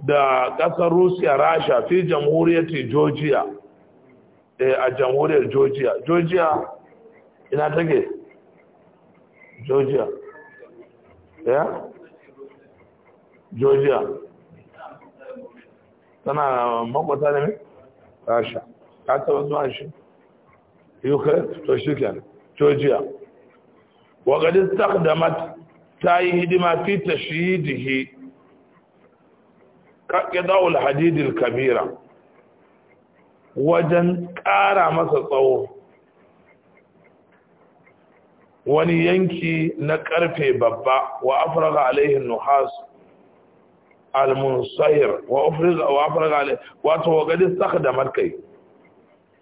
[SPEAKER 1] da kasar rusiya rasha fi jamhuriyar georgia eh, a jamhuriyar georgia georgia ina take georgia ya georgia tana makwata ne mai rasha ta taba zuwa shi ukraine to shi kenan georgia وقد استخدمت تاي هدما في تشييده كقضاء الحديد الكبيرة وجن قارا مسا تصوف wani yanki na karfe babba wa afraga alaihin nuhas al-munsahir wa afraga wa afraga alaihin wato gadi kai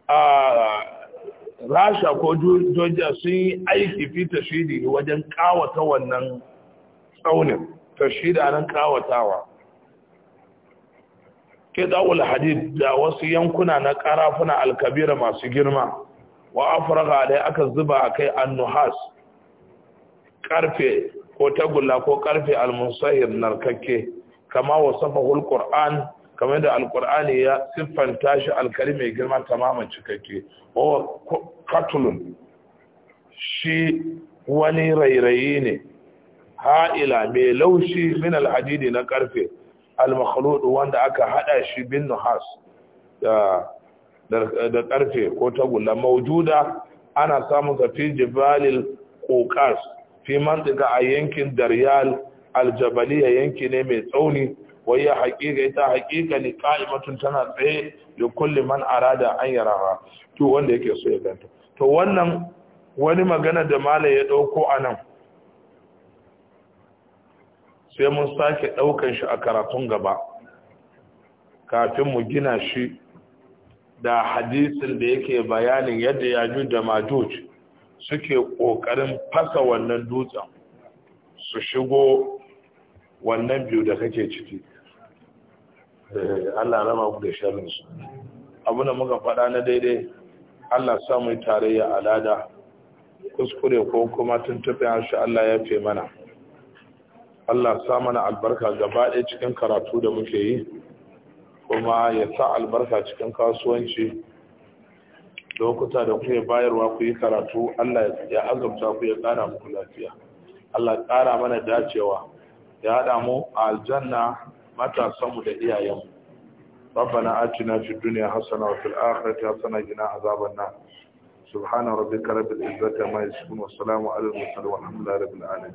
[SPEAKER 1] a rasha ko jojja sun yi aiki fi tashidi wajen kawata wannan tsaunin tashida nan kawatawa kidawul hadid da wasu yankuna na karafuna alkabira masu girma wa afraga aka zuba akai annuhas karfe ko tagulla ko karfe almusahir narkake kama al qur'an kamar da alqur'ani ya siffanta shi alkalimi girma tamaman cikakke o katulun shi wani rairayi ne ha'ila mai laushi min hadidi na karfe almakhlud wanda aka hada shi bin nuhas da da karfe ko tagulla maujuda ana samun sa fi jibalil qoqas fi mantika a yankin daryal aljabaliya yanki ne mai tsauni wai ya haƙiƙa ita haƙiƙa ne ƙa'imatun tana tsaye da kulli man arada an yaraha to wanda yake so ya ganta to wannan wani magana da Malam ya ɗauko a nan sai mun sake ɗaukan shi a karatun gaba kafin mu gina shi da hadisin da yake bayanin yadda ya ju da majuj suke ƙoƙarin fasa wannan dutsen su shigo wannan biyu da kake ciki eh, Allah rama ku da sharinsu abu da muka faɗa na daidai Allah samun tarayya alada kuskure ko kuma tuntuɓe harshe Allah ya fi mana Allah sa mana albarka gaba ɗaya cikin karatu da muke yi kuma ya sa albarka cikin kasuwanci lokuta da kuke bayarwa ku yi karatu Allah ya azumta ku ya ƙara muku lafiya Allah ƙara mana dacewa ya haɗa mu a aljanna matasanmu da iyayenmu ربنا آتنا في الدنيا حسنة وفي الآخرة حسنة جنا عذاب النار سبحان ربك رب العزة ما يسكن والسلام على المرسلين والحمد لله رب العالمين